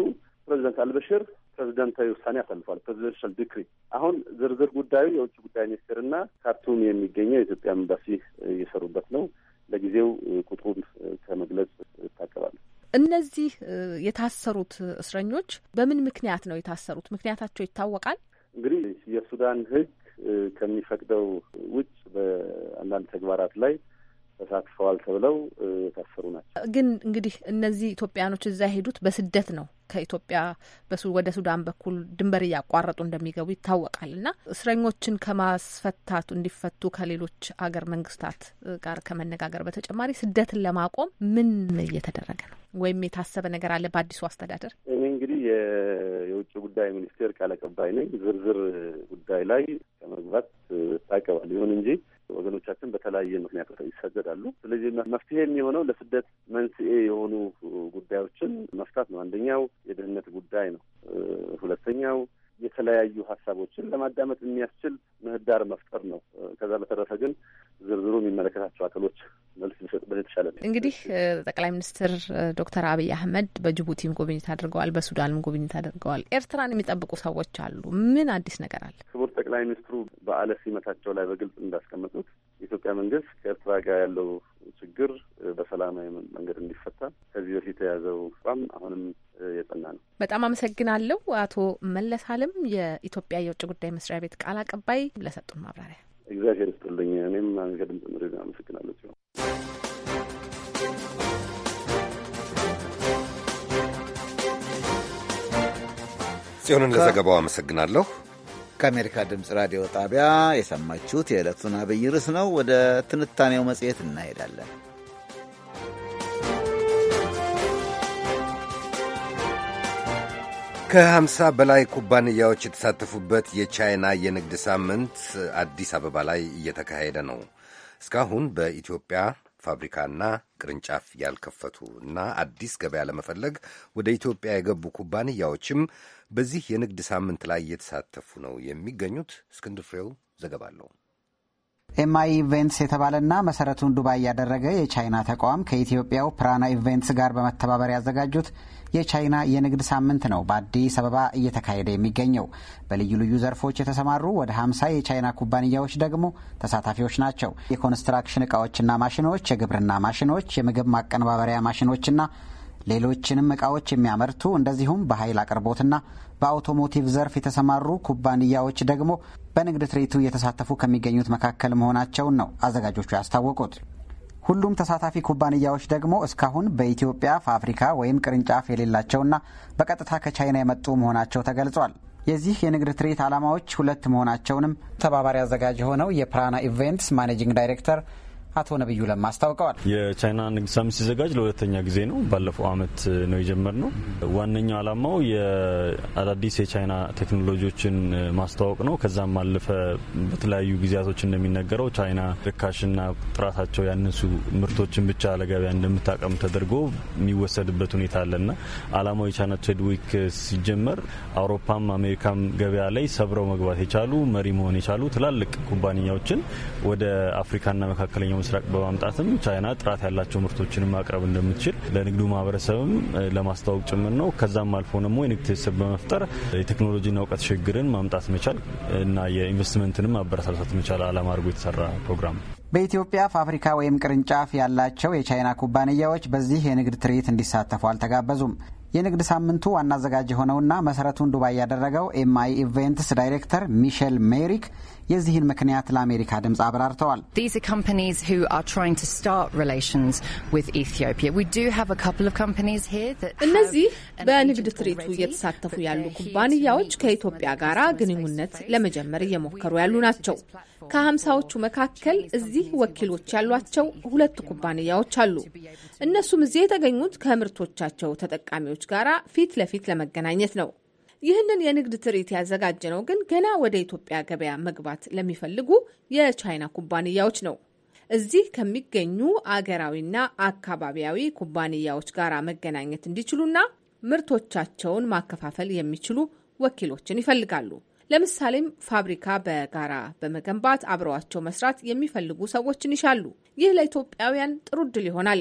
ፕሬዚደንት አልበሽር ፕሬዚደንታዊ ውሳኔ አሳልፏል። ፕሬዚደንሻል ዲክሪ። አሁን ዝርዝር ጉዳዩ የውጭ ጉዳይ ሚኒስቴርና ካርቱም የሚገኘው የኢትዮጵያ ኤምባሲ እየሰሩበት ነው። ለጊዜው ቁጥሩን ከመግለጽ እታቀባለሁ። እነዚህ የታሰሩት እስረኞች በምን ምክንያት ነው የታሰሩት? ምክንያታቸው ይታወቃል። እንግዲህ የሱዳን ሕግ ከሚፈቅደው ውጭ በአንዳንድ ተግባራት ላይ ተሳትፈዋል ተብለው የታሰሩ ናቸው። ግን እንግዲህ እነዚህ ኢትዮጵያኖች እዛ የሄዱት በስደት ነው። ከኢትዮጵያ ወደ ሱዳን በኩል ድንበር እያቋረጡ እንደሚገቡ ይታወቃል። እና እስረኞችን ከማስፈታቱ እንዲፈቱ ከሌሎች አገር መንግስታት ጋር ከመነጋገር በተጨማሪ ስደትን ለማቆም ምን እየተደረገ ነው? ወይም የታሰበ ነገር አለ በአዲሱ አስተዳደር? እኔ እንግዲህ የውጭ ጉዳይ ሚኒስቴር ቃል አቀባይ ነኝ። ዝርዝር ጉዳይ ላይ ከመግባት ታቀባል። ይሁን እንጂ ወገኖቻችን በተለያየ ምክንያት ይሰደዳሉ። ስለዚህ መፍትሄ የሚሆነው ለስደት መንስኤ የሆኑ ጉዳዮችን መፍታት ነው። አንደኛው የደህንነት ጉዳይ ነው። ሁለተኛው የተለያዩ ሀሳቦችን ለማዳመጥ የሚያስችል ምህዳር መፍጠር ነው። ከዛ በተረፈ ግን ዝርዝሩ የሚመለከታቸው አካሎች መልስ ሊሰጡበት የተሻለ ነው። እንግዲህ ጠቅላይ ሚኒስትር ዶክተር አብይ አህመድ በጅቡቲም ጉብኝት አድርገዋል፣ በሱዳንም ጉብኝት አድርገዋል። ኤርትራን የሚጠብቁ ሰዎች አሉ። ምን አዲስ ነገር አለ? ክቡር ጠቅላይ ሚኒስትሩ በዓለ ሲመታቸው ላይ በግልጽ እንዳስቀመጡት የኢትዮጵያ መንግስት ከኤርትራ ጋር ያለው ችግር በሰላማዊ መንገድ እንዲፈታ ከዚህ በፊት የያዘው አቋም አሁንም የጸና ነው። በጣም አመሰግናለሁ አቶ መለስ አለም የኢትዮጵያ የውጭ ጉዳይ መስሪያ ቤት ቃል አቀባይ ለሰጡን ማብራሪያ እግዚአብሔር ይስጥልኝ። እኔም ድምጽ ምሪ አመሰግናለሁ ሲሆን ጽዮንን ለዘገባው አመሰግናለሁ። ከአሜሪካ ድምፅ ራዲዮ ጣቢያ የሰማችሁት የዕለቱን አብይ ርዕስ ነው። ወደ ትንታኔው መጽሔት እናሄዳለን። ከሀምሳ በላይ ኩባንያዎች የተሳተፉበት የቻይና የንግድ ሳምንት አዲስ አበባ ላይ እየተካሄደ ነው። እስካሁን በኢትዮጵያ ፋብሪካና ቅርንጫፍ ያልከፈቱ እና አዲስ ገበያ ለመፈለግ ወደ ኢትዮጵያ የገቡ ኩባንያዎችም በዚህ የንግድ ሳምንት ላይ እየተሳተፉ ነው የሚገኙት። እስክንድር ፍሬው ዘገባ አለው። ኤምአይ ኢቬንትስ የተባለና መሰረቱን ዱባይ ያደረገ የቻይና ተቋም ከኢትዮጵያው ፕራና ኢቬንትስ ጋር በመተባበር ያዘጋጁት የቻይና የንግድ ሳምንት ነው በአዲስ አበባ እየተካሄደ የሚገኘው። በልዩ ልዩ ዘርፎች የተሰማሩ ወደ ሀምሳ የቻይና ኩባንያዎች ደግሞ ተሳታፊዎች ናቸው። የኮንስትራክሽን እቃዎችና ማሽኖች፣ የግብርና ማሽኖች፣ የምግብ ማቀነባበሪያ ማሽኖችና ሌሎችንም እቃዎች የሚያመርቱ እንደዚሁም በኃይል አቅርቦትና በአውቶሞቲቭ ዘርፍ የተሰማሩ ኩባንያዎች ደግሞ በንግድ ትርኢቱ እየተሳተፉ ከሚገኙት መካከል መሆናቸውን ነው አዘጋጆቹ ያስታወቁት። ሁሉም ተሳታፊ ኩባንያዎች ደግሞ እስካሁን በኢትዮጵያ ፋብሪካ ወይም ቅርንጫፍ የሌላቸውና በቀጥታ ከቻይና የመጡ መሆናቸው ተገልጿል። የዚህ የንግድ ትርኢት ዓላማዎች ሁለት መሆናቸውንም ተባባሪ አዘጋጅ የሆነው የፕራና ኢቨንትስ ማኔጂንግ ዳይሬክተር አቶ ነብዩ ለማ አስታውቀዋል። የቻይና ንግድ ሳምንት ሲዘጋጅ ለሁለተኛ ጊዜ ነው። ባለፈው አመት ነው የጀመርነው። ዋነኛው አላማው የአዳዲስ የቻይና ቴክኖሎጂዎችን ማስተዋወቅ ነው። ከዛም አለፈ በተለያዩ ጊዜያቶች እንደሚነገረው ቻይና ርካሽና ጥራታቸው ያነሱ ምርቶችን ብቻ ለገበያ እንደምታቀም ተደርጎ የሚወሰድበት ሁኔታ አለና አላማው የቻይና ትሬድ ዊክ ሲጀመር አውሮፓም አሜሪካም ገበያ ላይ ሰብረው መግባት የቻሉ መሪ መሆን የቻሉ ትላልቅ ኩባንያዎችን ወደ አፍሪካና መካከለኛው ምስራቅ በማምጣትም ቻይና ጥራት ያላቸው ምርቶችን ማቅረብ እንደምትችል ለንግዱ ማህበረሰብም ለማስታወቅ ጭምር ነው። ከዛም አልፎ ደግሞ የንግድ ትስስር በመፍጠር የቴክኖሎጂና እውቀት ሽግግርን ማምጣት መቻል እና የኢንቨስትመንትንም አበረታታት መቻል ዓላማ አድርጎ የተሰራ ፕሮግራም ነው። በኢትዮጵያ ፋብሪካ ወይም ቅርንጫፍ ያላቸው የቻይና ኩባንያዎች በዚህ የንግድ ትርኢት እንዲሳተፉ አልተጋበዙም። የንግድ ሳምንቱ ዋና አዘጋጅ የሆነውና መሰረቱን ዱባይ ያደረገው ኤምአይ ኢቨንትስ ዳይሬክተር ሚሼል ሜሪክ የዚህን ምክንያት ለአሜሪካ ድምፅ አብራርተዋል። እነዚህ በንግድ ትርኢቱ እየተሳተፉ ያሉ ኩባንያዎች ከኢትዮጵያ ጋር ግንኙነት ለመጀመር እየሞከሩ ያሉ ናቸው። ከሀምሳዎቹ መካከል እዚህ ወኪሎች ያሏቸው ሁለት ኩባንያዎች አሉ። እነሱም እዚህ የተገኙት ከምርቶቻቸው ተጠቃሚዎች ጋራ ፊት ለፊት ለመገናኘት ነው። ይህንን የንግድ ትርኢት ያዘጋጀ ነው ግን ገና ወደ ኢትዮጵያ ገበያ መግባት ለሚፈልጉ የቻይና ኩባንያዎች ነው። እዚህ ከሚገኙ አገራዊና አካባቢያዊ ኩባንያዎች ጋር መገናኘት እንዲችሉና ምርቶቻቸውን ማከፋፈል የሚችሉ ወኪሎችን ይፈልጋሉ። ለምሳሌም ፋብሪካ በጋራ በመገንባት አብረዋቸው መስራት የሚፈልጉ ሰዎችን ይሻሉ። ይህ ለኢትዮጵያውያን ጥሩ እድል ይሆናል።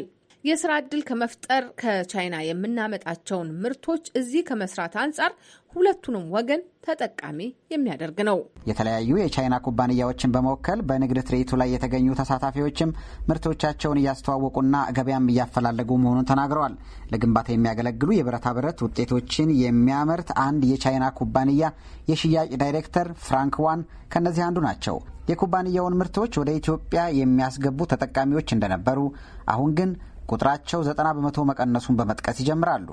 የስራ እድል ከመፍጠር ከቻይና የምናመጣቸውን ምርቶች እዚህ ከመስራት አንጻር ሁለቱንም ወገን ተጠቃሚ የሚያደርግ ነው። የተለያዩ የቻይና ኩባንያዎችን በመወከል በንግድ ትርኢቱ ላይ የተገኙ ተሳታፊዎችም ምርቶቻቸውን እያስተዋወቁና ገበያም እያፈላለጉ መሆኑን ተናግረዋል። ለግንባታ የሚያገለግሉ የብረታ ብረት ውጤቶችን የሚያመርት አንድ የቻይና ኩባንያ የሽያጭ ዳይሬክተር ፍራንክ ዋን ከእነዚህ አንዱ ናቸው። የኩባንያውን ምርቶች ወደ ኢትዮጵያ የሚያስገቡ ተጠቃሚዎች እንደነበሩ አሁን ግን ቁጥራቸው ዘጠና በመቶ መቀነሱን በመጥቀስ ይጀምራሉ።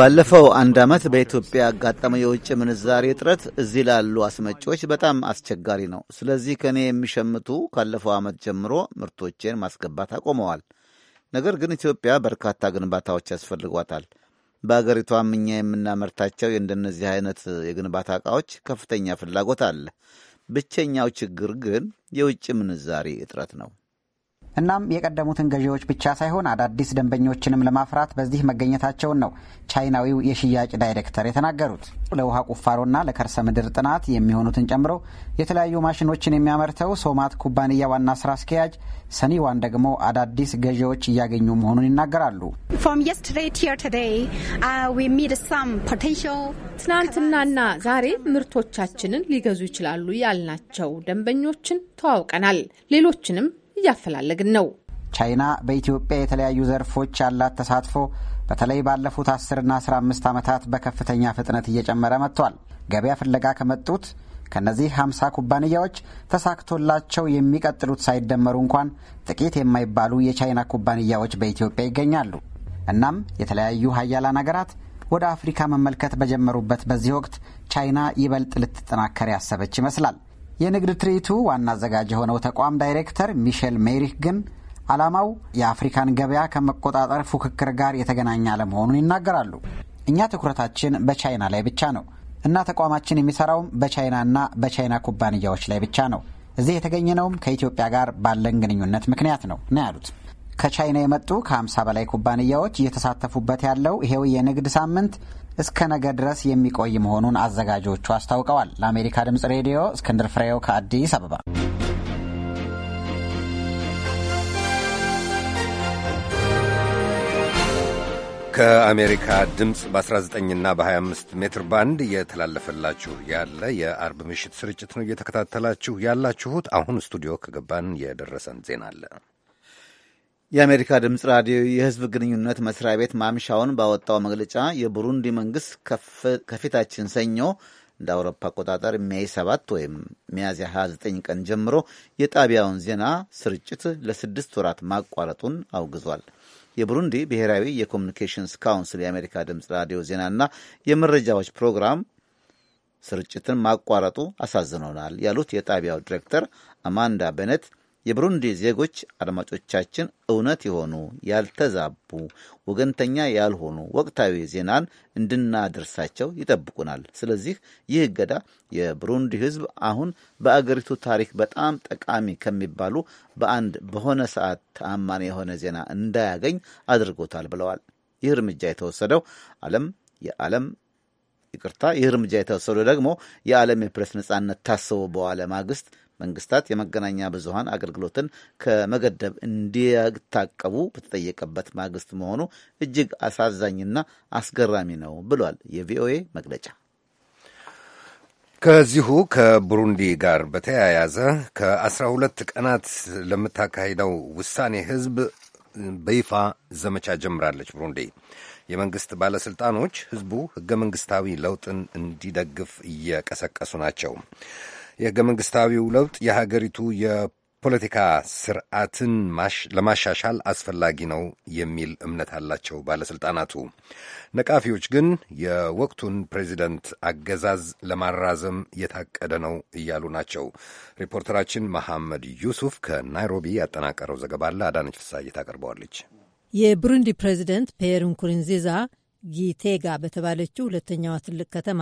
ባለፈው አንድ ዓመት በኢትዮጵያ ያጋጠመው የውጭ ምንዛሬ እጥረት እዚህ ላሉ አስመጪዎች በጣም አስቸጋሪ ነው። ስለዚህ ከእኔ የሚሸምቱ ካለፈው ዓመት ጀምሮ ምርቶቼን ማስገባት አቆመዋል። ነገር ግን ኢትዮጵያ በርካታ ግንባታዎች ያስፈልጓታል። በአገሪቷም እኛ የምናመርታቸው የእንደነዚህ አይነት የግንባታ እቃዎች ከፍተኛ ፍላጎት አለ። ብቸኛው ችግር ግን የውጭ ምንዛሪ እጥረት ነው። እናም የቀደሙትን ገዢዎች ብቻ ሳይሆን አዳዲስ ደንበኞችንም ለማፍራት በዚህ መገኘታቸውን ነው ቻይናዊው የሽያጭ ዳይሬክተር የተናገሩት። ለውሃ ቁፋሮና ለከርሰ ምድር ጥናት የሚሆኑትን ጨምሮ የተለያዩ ማሽኖችን የሚያመርተው ሶማት ኩባንያ ዋና ስራ አስኪያጅ ሰኒዋን ደግሞ አዳዲስ ገዢዎች እያገኙ መሆኑን ይናገራሉ። uh, ትናንትናና ዛሬ ምርቶቻችንን ሊገዙ ይችላሉ ያልናቸው ደንበኞችን ተዋውቀናል። ሌሎችንም እያፈላለግን ነው። ቻይና በኢትዮጵያ የተለያዩ ዘርፎች ያላት ተሳትፎ በተለይ ባለፉት 1 ና 15 ዓመታት በከፍተኛ ፍጥነት እየጨመረ መጥቷል። ገበያ ፍለጋ ከመጡት ከእነዚህ 50 ኩባንያዎች ተሳክቶላቸው የሚቀጥሉት ሳይደመሩ እንኳን ጥቂት የማይባሉ የቻይና ኩባንያዎች በኢትዮጵያ ይገኛሉ። እናም የተለያዩ ሀያላን ሀገራት ወደ አፍሪካ መመልከት በጀመሩበት በዚህ ወቅት ቻይና ይበልጥ ልትጠናከር ያሰበች ይመስላል። የንግድ ትርኢቱ ዋና አዘጋጅ የሆነው ተቋም ዳይሬክተር ሚሼል ሜሪክ ግን ዓላማው የአፍሪካን ገበያ ከመቆጣጠር ፉክክር ጋር የተገናኘ አለመሆኑን ይናገራሉ። እኛ ትኩረታችን በቻይና ላይ ብቻ ነው እና ተቋማችን የሚሰራውም በቻይናና በቻይና ኩባንያዎች ላይ ብቻ ነው። እዚህ የተገኘነውም ከኢትዮጵያ ጋር ባለን ግንኙነት ምክንያት ነው ነው ያሉት። ከቻይና የመጡ ከ50 በላይ ኩባንያዎች እየተሳተፉበት ያለው ይሄው የንግድ ሳምንት እስከ ነገ ድረስ የሚቆይ መሆኑን አዘጋጆቹ አስታውቀዋል። ለአሜሪካ ድምፅ ሬዲዮ እስክንድር ፍሬው ከአዲስ አበባ። ከአሜሪካ ድምፅ በ19ና በ25 ሜትር ባንድ እየተላለፈላችሁ ያለ የአርብ ምሽት ስርጭት ነው እየተከታተላችሁ ያላችሁት። አሁን ስቱዲዮ ከገባን የደረሰን ዜና አለ። የአሜሪካ ድምፅ ራዲዮ የህዝብ ግንኙነት መስሪያ ቤት ማምሻውን ባወጣው መግለጫ የቡሩንዲ መንግስት ከፊታችን ሰኞ እንደ አውሮፓ አቆጣጠር ሜይ 7 ወይም ሚያዝያ 29 ቀን ጀምሮ የጣቢያውን ዜና ስርጭት ለስድስት ወራት ማቋረጡን አውግዟል። የቡሩንዲ ብሔራዊ የኮሚኒኬሽንስ ካውንስል የአሜሪካ ድምፅ ራዲዮ ዜናና የመረጃዎች ፕሮግራም ስርጭትን ማቋረጡ አሳዝኖናል ያሉት የጣቢያው ዲሬክተር አማንዳ በነት የብሩንዲ ዜጎች አድማጮቻችን እውነት የሆኑ ያልተዛቡ፣ ወገንተኛ ያልሆኑ ወቅታዊ ዜናን እንድናደርሳቸው ይጠብቁናል። ስለዚህ ይህ እገዳ የብሩንዲ ሕዝብ አሁን በአገሪቱ ታሪክ በጣም ጠቃሚ ከሚባሉ በአንድ በሆነ ሰዓት ተአማኒ የሆነ ዜና እንዳያገኝ አድርጎታል ብለዋል። ይህ እርምጃ የተወሰደው ዓለም የዓለም ይቅርታ፣ ይህ እርምጃ የተወሰደው ደግሞ የዓለም የፕሬስ ነጻነት ታስቦ በዋለ ማግስት መንግስታት የመገናኛ ብዙሀን አገልግሎትን ከመገደብ እንዲታቀቡ በተጠየቀበት ማግስት መሆኑ እጅግ አሳዛኝና አስገራሚ ነው ብሏል የቪኦኤ መግለጫ። ከዚሁ ከቡሩንዲ ጋር በተያያዘ ከአስራ ሁለት ቀናት ለምታካሂደው ውሳኔ ህዝብ በይፋ ዘመቻ ጀምራለች ቡሩንዲ። የመንግስት ባለሥልጣኖች ህዝቡ ህገ መንግሥታዊ ለውጥን እንዲደግፍ እየቀሰቀሱ ናቸው። የህገ መንግስታዊው ለውጥ የሀገሪቱ የፖለቲካ ስርዓትን ለማሻሻል አስፈላጊ ነው የሚል እምነት አላቸው ባለሥልጣናቱ። ነቃፊዎች ግን የወቅቱን ፕሬዚደንት አገዛዝ ለማራዘም የታቀደ ነው እያሉ ናቸው። ሪፖርተራችን መሐመድ ዩሱፍ ከናይሮቢ ያጠናቀረው ዘገባ አለ። አዳነች ፍሳዬ ታቀርበዋለች። የብሩንዲ ፕሬዚደንት ፒየር ንኩሩንዚዛ ጊቴጋ በተባለችው ሁለተኛዋ ትልቅ ከተማ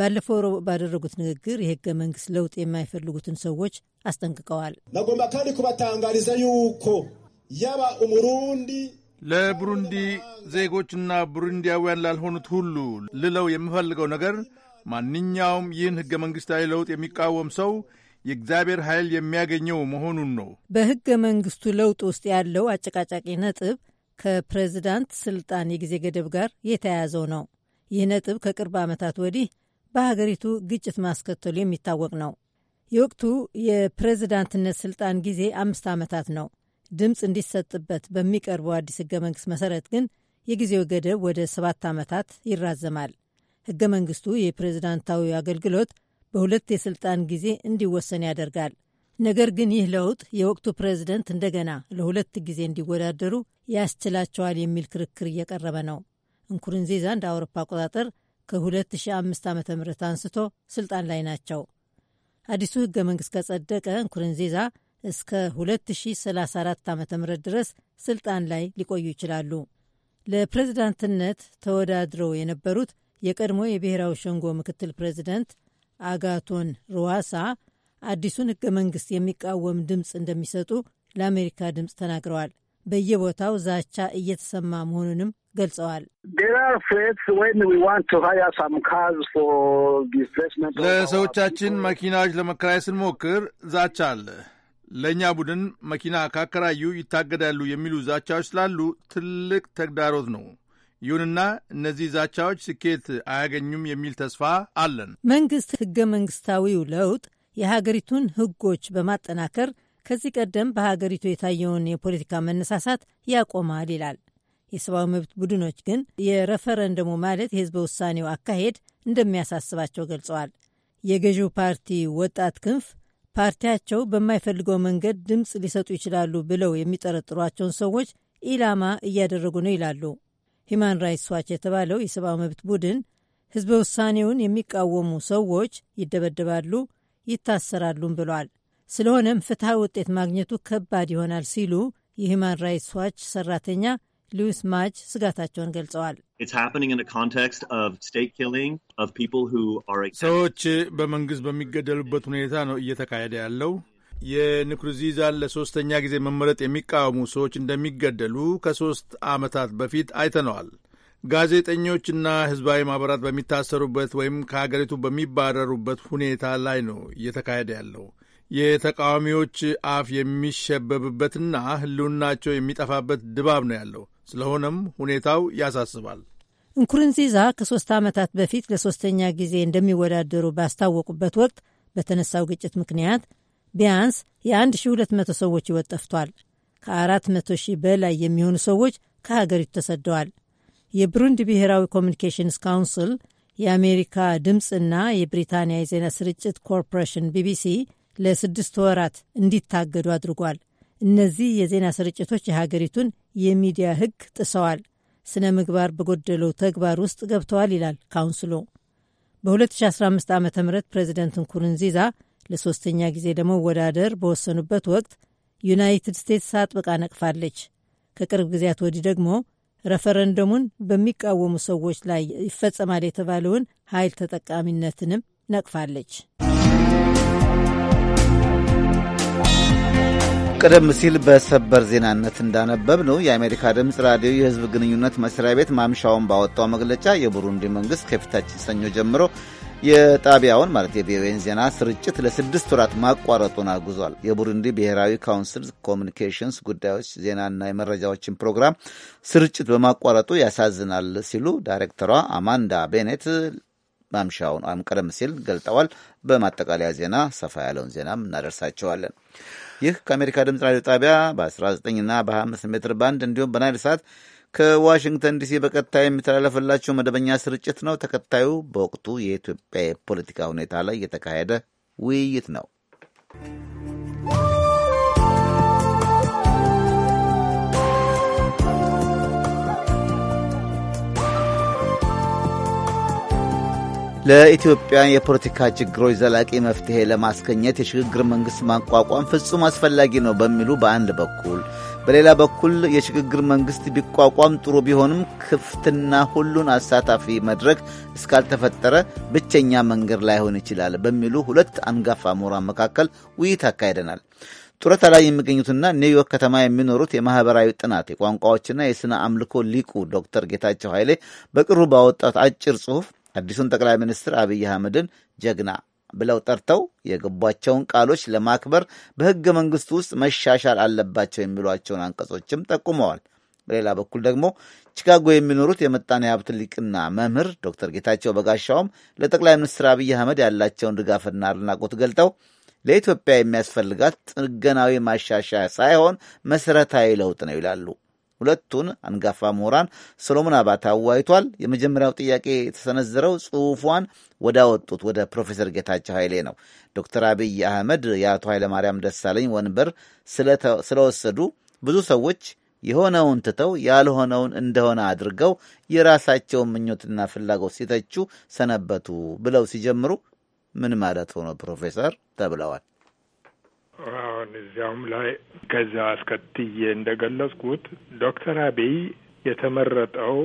ባለፈው ረቡዕ ባደረጉት ንግግር የህገ መንግስት ለውጥ የማይፈልጉትን ሰዎች አስጠንቅቀዋል። ለቡሩንዲ ዜጎችና ቡሩንዲያውያን ላልሆኑት ሁሉ ልለው የምፈልገው ነገር ማንኛውም ይህን ህገ መንግስታዊ ለውጥ የሚቃወም ሰው የእግዚአብሔር ኃይል የሚያገኘው መሆኑን ነው። በህገ መንግስቱ ለውጥ ውስጥ ያለው አጨቃጫቂ ነጥብ ከፕሬዚዳንት ስልጣን የጊዜ ገደብ ጋር የተያያዘው ነው። ይህ ነጥብ ከቅርብ ዓመታት ወዲህ በሀገሪቱ ግጭት ማስከተሉ የሚታወቅ ነው። የወቅቱ የፕሬዝዳንትነት ስልጣን ጊዜ አምስት ዓመታት ነው። ድምፅ እንዲሰጥበት በሚቀርበው አዲስ ህገ መንግስት መሰረት ግን የጊዜው ገደብ ወደ ሰባት ዓመታት ይራዘማል። ህገ መንግስቱ የፕሬዝዳንታዊ አገልግሎት በሁለት የስልጣን ጊዜ እንዲወሰን ያደርጋል። ነገር ግን ይህ ለውጥ የወቅቱ ፕሬዝደንት እንደገና ለሁለት ጊዜ እንዲወዳደሩ ያስችላቸዋል የሚል ክርክር እየቀረበ ነው። እንኩርንዚዛ እንደ አውሮፓ አቆጣጠር ከ2005 ዓ ም አንስቶ ስልጣን ላይ ናቸው። አዲሱ ህገ መንግሥት ከጸደቀ ንኩርንዚዛ እስከ 2034 ዓ ም ድረስ ስልጣን ላይ ሊቆዩ ይችላሉ። ለፕሬዝዳንትነት ተወዳድረው የነበሩት የቀድሞ የብሔራዊ ሸንጎ ምክትል ፕሬዚደንት አጋቶን ሩዋሳ አዲሱን ህገ መንግሥት የሚቃወም ድምፅ እንደሚሰጡ ለአሜሪካ ድምፅ ተናግረዋል። በየቦታው ዛቻ እየተሰማ መሆኑንም ገልጸዋል። ለሰዎቻችን መኪናዎች ለመከራየት ስንሞክር ዛቻ አለ። ለእኛ ቡድን መኪና ካከራዩ ይታገዳሉ የሚሉ ዛቻዎች ስላሉ ትልቅ ተግዳሮት ነው። ይሁንና እነዚህ ዛቻዎች ስኬት አያገኙም የሚል ተስፋ አለን። መንግስት ህገ መንግስታዊው ለውጥ የሀገሪቱን ህጎች በማጠናከር ከዚህ ቀደም በሀገሪቱ የታየውን የፖለቲካ መነሳሳት ያቆማል ይላል። የሰብአዊ መብት ቡድኖች ግን የረፈረንደሙ ማለት የህዝበ ውሳኔው አካሄድ እንደሚያሳስባቸው ገልጸዋል። የገዢው ፓርቲ ወጣት ክንፍ ፓርቲያቸው በማይፈልገው መንገድ ድምፅ ሊሰጡ ይችላሉ ብለው የሚጠረጥሯቸውን ሰዎች ኢላማ እያደረጉ ነው ይላሉ። ሂማን ራይትስ ዋች የተባለው የሰብአዊ መብት ቡድን ህዝበ ውሳኔውን የሚቃወሙ ሰዎች ይደበደባሉ፣ ይታሰራሉም ብሏል። ስለሆነም ፍትሐዊ ውጤት ማግኘቱ ከባድ ይሆናል ሲሉ የሂማን ራይትስ ዋች ሰራተኛ ሉዊስ ማች ስጋታቸውን ገልጸዋል። ሰዎች በመንግስት በሚገደሉበት ሁኔታ ነው እየተካሄደ ያለው። የንኩሩንዚዛን ለሶስተኛ ጊዜ መመረጥ የሚቃወሙ ሰዎች እንደሚገደሉ ከሶስት ዓመታት በፊት አይተነዋል። ጋዜጠኞችና ህዝባዊ ማኅበራት በሚታሰሩበት ወይም ከአገሪቱ በሚባረሩበት ሁኔታ ላይ ነው እየተካሄደ ያለው። የተቃዋሚዎች አፍ የሚሸበብበትና ሕልውናቸው የሚጠፋበት ድባብ ነው ያለው። ስለሆነም ሁኔታው ያሳስባል። እንኩርንዚዛ ከሶስት ዓመታት በፊት ለሶስተኛ ጊዜ እንደሚወዳደሩ ባስታወቁበት ወቅት በተነሳው ግጭት ምክንያት ቢያንስ የ1200 ሰዎች ሕይወት ጠፍቷል። ከ400 ሺህ በላይ የሚሆኑ ሰዎች ከሀገሪቱ ተሰደዋል። የብሩንዲ ብሔራዊ ኮሚኒኬሽንስ ካውንስል የአሜሪካ ድምፅና የብሪታንያ የዜና ስርጭት ኮርፖሬሽን ቢቢሲ ለስድስት ወራት እንዲታገዱ አድርጓል። እነዚህ የዜና ስርጭቶች የሀገሪቱን የሚዲያ ሕግ ጥሰዋል፣ ስነ ምግባር በጎደለው ተግባር ውስጥ ገብተዋል ይላል ካውንስሉ። በ2015 ዓ ም ፕሬዚደንት ንኩሩንዚዛ ለሶስተኛ ጊዜ ለመወዳደር በወሰኑበት ወቅት ዩናይትድ ስቴትስ አጥብቃ ነቅፋለች። ከቅርብ ጊዜያት ወዲህ ደግሞ ረፈረንደሙን በሚቃወሙ ሰዎች ላይ ይፈጸማል የተባለውን ኃይል ተጠቃሚነትንም ነቅፋለች። ቀደም ሲል በሰበር ዜናነት እንዳነበብ ነው የአሜሪካ ድምፅ ራዲዮ የህዝብ ግንኙነት መስሪያ ቤት ማምሻውን ባወጣው መግለጫ የቡሩንዲ መንግስት ከፊታችን ሰኞ ጀምሮ የጣቢያውን ማለት የቪኦኤን ዜና ስርጭት ለስድስት ወራት ማቋረጡን አውግዟል። የቡሩንዲ ብሔራዊ ካውንስል ኮሚኒኬሽንስ ጉዳዮች ዜናና የመረጃዎችን ፕሮግራም ስርጭት በማቋረጡ ያሳዝናል ሲሉ ዳይሬክተሯ አማንዳ ቤኔት ማምሻውን ቀደም ሲል ገልጠዋል። በማጠቃለያ ዜና ሰፋ ያለውን ዜናም እናደርሳቸዋለን። ይህ ከአሜሪካ ድምፅ ራዲዮ ጣቢያ በ19 እና በ25 ሜትር ባንድ እንዲሁም በናይል ሰዓት ከዋሽንግተን ዲሲ በቀጥታ የሚተላለፍላቸው መደበኛ ስርጭት ነው። ተከታዩ በወቅቱ የኢትዮጵያ የፖለቲካ ሁኔታ ላይ የተካሄደ ውይይት ነው። ለኢትዮጵያ የፖለቲካ ችግሮች ዘላቂ መፍትሄ ለማስገኘት የሽግግር መንግሥት ማቋቋም ፍጹም አስፈላጊ ነው በሚሉ በአንድ በኩል፣ በሌላ በኩል የሽግግር መንግሥት ቢቋቋም ጥሩ ቢሆንም ክፍትና ሁሉን አሳታፊ መድረክ እስካልተፈጠረ ብቸኛ መንገድ ላይሆን ይችላል በሚሉ ሁለት አንጋፋ ምሁራን መካከል ውይይት አካሂደናል። ጡረታ ላይ የሚገኙትና ኒውዮርክ ከተማ የሚኖሩት የማህበራዊ ጥናት የቋንቋዎችና የሥነ አምልኮ ሊቁ ዶክተር ጌታቸው ኃይሌ በቅርቡ ባወጣት አጭር ጽሑፍ አዲሱን ጠቅላይ ሚኒስትር አብይ አህመድን ጀግና ብለው ጠርተው የገቧቸውን ቃሎች ለማክበር በሕገ መንግሥቱ ውስጥ መሻሻል አለባቸው የሚሏቸውን አንቀጾችም ጠቁመዋል። በሌላ በኩል ደግሞ ቺካጎ የሚኖሩት የመጣኔ ሀብት ሊቅና መምህር ዶክተር ጌታቸው በጋሻውም ለጠቅላይ ሚኒስትር አብይ አህመድ ያላቸውን ድጋፍና አድናቆት ገልጠው ለኢትዮጵያ የሚያስፈልጋት ጥገናዊ ማሻሻያ ሳይሆን መሠረታዊ ለውጥ ነው ይላሉ። ሁለቱን አንጋፋ ምሁራን ሰሎሞን አባተ አዋይቷል። የመጀመሪያው ጥያቄ የተሰነዘረው ጽሁፏን ወዳወጡት ወደ ፕሮፌሰር ጌታቸው ኃይሌ ነው። ዶክተር አብይ አህመድ የአቶ ኃይለማርያም ደሳለኝ ወንበር ስለወሰዱ ብዙ ሰዎች የሆነውን ትተው ያልሆነውን እንደሆነ አድርገው የራሳቸውን ምኞትና ፍላጎት ሲተቹ ሰነበቱ ብለው ሲጀምሩ ምን ማለት ሆኖ ፕሮፌሰር ተብለዋል። አሁን እዚያውም ላይ ከዛ አስከትዬ እንደገለጽኩት ዶክተር አብይ የተመረጠው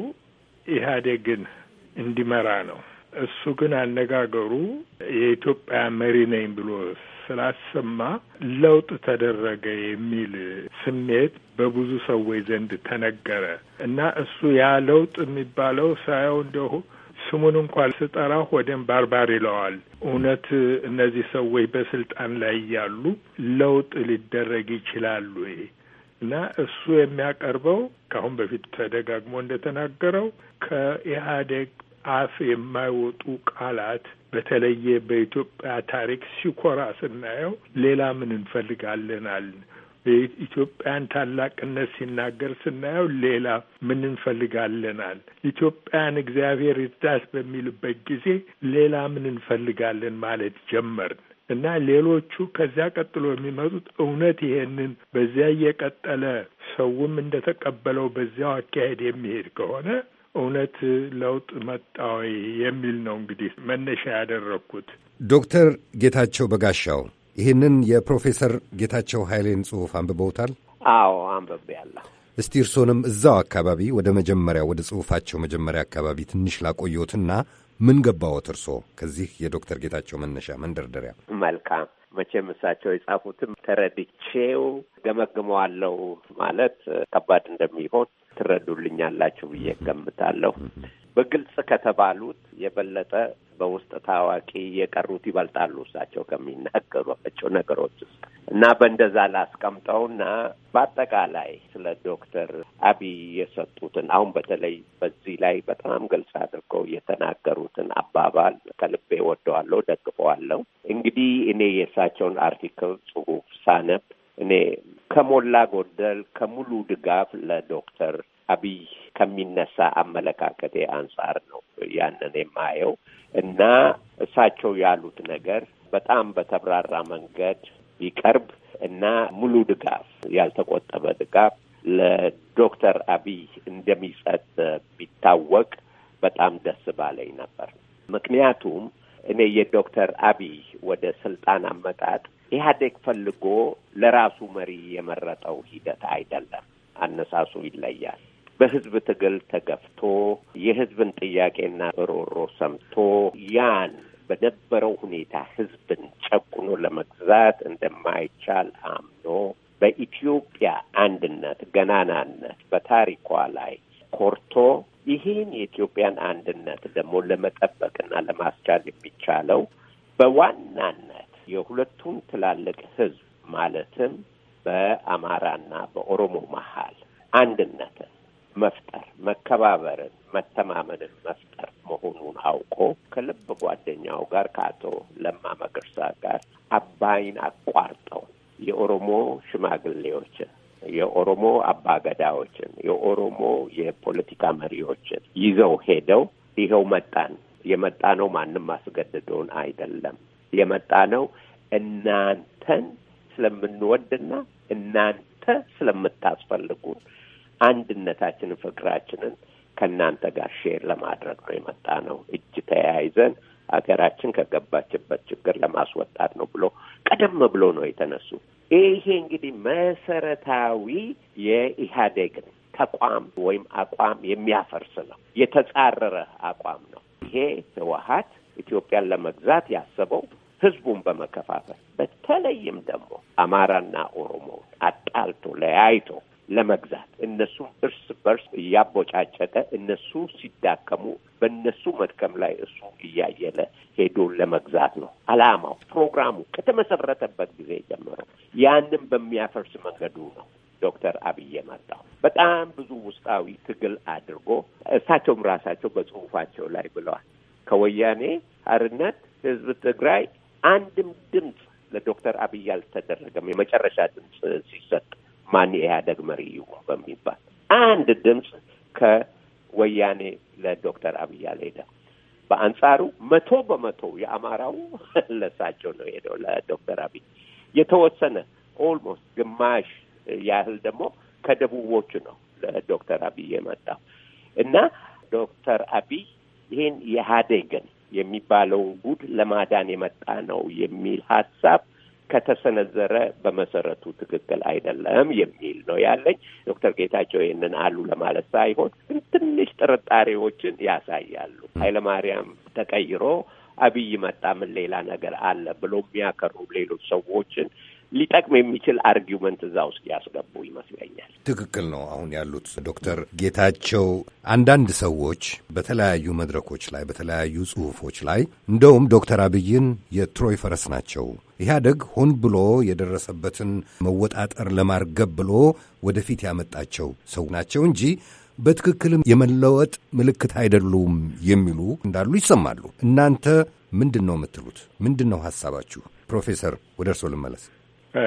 ኢህአዴግን እንዲመራ ነው። እሱ ግን አነጋገሩ የኢትዮጵያ መሪ ነኝ ብሎ ስላሰማ ለውጥ ተደረገ የሚል ስሜት በብዙ ሰዎች ዘንድ ተነገረ እና እሱ ያ ለውጥ የሚባለው ሳየው እንደሁ ስሙን እንኳን ስጠራው ወደን ባርባር ይለዋል። እውነት እነዚህ ሰዎች በስልጣን ላይ ያሉ ለውጥ ሊደረግ ይችላሉ እና እሱ የሚያቀርበው ከአሁን በፊት ተደጋግሞ እንደተናገረው ከኢህአዴግ አፍ የማይወጡ ቃላት በተለየ በኢትዮጵያ ታሪክ ሲኮራ ስናየው ሌላ ምን እንፈልጋለናል? የኢትዮጵያን ታላቅነት ሲናገር ስናየው ሌላ ምን እንፈልጋለናል? ኢትዮጵያን እግዚአብሔር ይርዳት በሚልበት ጊዜ ሌላ ምን እንፈልጋለን ማለት ጀመርን እና ሌሎቹ ከዚያ ቀጥሎ የሚመጡት እውነት ይሄንን በዚያ እየቀጠለ ሰውም እንደተቀበለው በዚያው አካሄድ የሚሄድ ከሆነ እውነት ለውጥ መጣ ወይ የሚል ነው እንግዲህ መነሻ ያደረግኩት። ዶክተር ጌታቸው በጋሻው ይህንን የፕሮፌሰር ጌታቸው ኃይሌን ጽሑፍ አንብበውታል? አዎ አንብቤ ያለሁ። እስቲ እርሶንም እዛው አካባቢ ወደ መጀመሪያ ወደ ጽሑፋቸው መጀመሪያ አካባቢ ትንሽ ላቆየትና ምን ገባዎት እርሶ ከዚህ የዶክተር ጌታቸው መነሻ መንደርደሪያ? መልካም መቼም እሳቸው የጻፉትም ተረድቼው ገመግመዋለሁ ማለት ከባድ እንደሚሆን ትረዱልኛላችሁ ብዬ ገምታለሁ። በግልጽ ከተባሉት የበለጠ በውስጥ ታዋቂ የቀሩት ይበልጣሉ እሳቸው ከሚናገሯቸው ነገሮች ውስጥ እና በእንደዛ ላስቀምጠውና በአጠቃላይ ስለ ዶክተር አብይ የሰጡትን አሁን በተለይ በዚህ ላይ በጣም ግልጽ አድርገው የተናገሩትን አባባል ከልቤ ወደዋለሁ፣ ደግፈዋለሁ። እንግዲህ እኔ የእሳቸውን አርቲክል ጽሁፍ ሳነብ እኔ ከሞላ ጎደል ከሙሉ ድጋፍ ለዶክተር አብይ ከሚነሳ አመለካከቴ አንጻር ነው ያንን የማየው እና እሳቸው ያሉት ነገር በጣም በተብራራ መንገድ ቢቀርብ እና ሙሉ ድጋፍ ያልተቆጠበ ድጋፍ ለዶክተር አብይ እንደሚሰጥ ቢታወቅ በጣም ደስ ባለኝ ነበር። ምክንያቱም እኔ የዶክተር አብይ ወደ ስልጣን አመጣጥ ኢህአዴግ ፈልጎ ለራሱ መሪ የመረጠው ሂደት አይደለም። አነሳሱ ይለያል። በህዝብ ትግል ተገፍቶ የህዝብን ጥያቄና ሮሮ ሰምቶ ያን በነበረው ሁኔታ ህዝብን ጨቁኖ ለመግዛት እንደማይቻል አምኖ በኢትዮጵያ አንድነት ገናናነት በታሪኳ ላይ ኮርቶ ይህን የኢትዮጵያን አንድነት ደግሞ ለመጠበቅና ለማስቻል የሚቻለው በዋናነት የሁለቱም ትላልቅ ህዝብ ማለትም በአማራና በኦሮሞ መሀል አንድነትን መፍጠር መከባበርን፣ መተማመንን መፍጠር መሆኑን አውቆ ከልብ ጓደኛው ጋር ከአቶ ለማ መገርሳ ጋር አባይን አቋርጠው የኦሮሞ ሽማግሌዎችን የኦሮሞ አባገዳዎችን የኦሮሞ የፖለቲካ መሪዎችን ይዘው ሄደው ይኸው መጣን። ነው ማንም አስገድዶን አይደለም። የመጣ ነው እናንተን ስለምንወድና እናንተ ስለምታስፈልጉን አንድነታችንን፣ ፍቅራችንን ከእናንተ ጋር ሼር ለማድረግ ነው የመጣ ነው። እጅ ተያይዘን ሀገራችን ከገባችበት ችግር ለማስወጣት ነው ብሎ ቀደም ብሎ ነው የተነሱ። ይሄ እንግዲህ መሰረታዊ የኢህአዴግን ተቋም ወይም አቋም የሚያፈርስ ነው። የተጻረረ አቋም ነው። ይሄ ህወሀት ኢትዮጵያን ለመግዛት ያሰበው ህዝቡን በመከፋፈል በተለይም ደግሞ አማራና ኦሮሞውን አጣልቶ ለያይቶ ለመግዛት እነሱም እርስ በርስ እያቦጫጨቀ እነሱ ሲዳከሙ በእነሱ መድከም ላይ እሱ እያየለ ሄዶ ለመግዛት ነው አላማው። ፕሮግራሙ ከተመሰረተበት ጊዜ ጀምሮ ያንን በሚያፈርስ መንገዱ ነው ዶክተር አብይ የመጣው። በጣም ብዙ ውስጣዊ ትግል አድርጎ እሳቸውም ራሳቸው በጽሁፋቸው ላይ ብለዋል። ከወያኔ አርነት ህዝብ ትግራይ አንድም ድምፅ ለዶክተር አብይ አልተደረገም። የመጨረሻ ድምፅ ሲሰጥ ማን የኢህአደግ መሪ ይሁን በሚባል አንድ ድምፅ ከወያኔ ለዶክተር አብይ አልሄደም። በአንጻሩ መቶ በመቶ የአማራው [LAUGHS] ለሳቸው ነው ሄደው ለዶክተር አብይ የተወሰነ ኦልሞስት ግማሽ ያህል ደግሞ ከደቡቦቹ ነው ለዶክተር አብይ የመጣው እና ዶክተር አብይ ይህን የኢህአዴግን የሚባለውን ጉድ ለማዳን የመጣ ነው የሚል ሀሳብ ከተሰነዘረ በመሰረቱ ትክክል አይደለም የሚል ነው ያለኝ። ዶክተር ጌታቸው ይህንን አሉ ለማለት ሳይሆን ግን ትንሽ ጥርጣሬዎችን ያሳያሉ። ኃይለማርያም ተቀይሮ አብይ መጣ ምን ሌላ ነገር አለ ብሎ የሚያከሩ ሌሎች ሰዎችን ሊጠቅም የሚችል አርጊመንት እዛ ውስጥ ያስገቡ ይመስለኛል። ትክክል ነው። አሁን ያሉት ዶክተር ጌታቸው አንዳንድ ሰዎች በተለያዩ መድረኮች ላይ በተለያዩ ጽሁፎች ላይ እንደውም ዶክተር አብይን የትሮይ ፈረስ ናቸው ኢህአደግ ሆን ብሎ የደረሰበትን መወጣጠር ለማርገብ ብሎ ወደፊት ያመጣቸው ሰው ናቸው እንጂ በትክክልም የመለወጥ ምልክት አይደሉም የሚሉ እንዳሉ ይሰማሉ። እናንተ ምንድን ነው የምትሉት? ምንድን ነው ሀሳባችሁ? ፕሮፌሰር ወደ እርስዎ ልመለስ።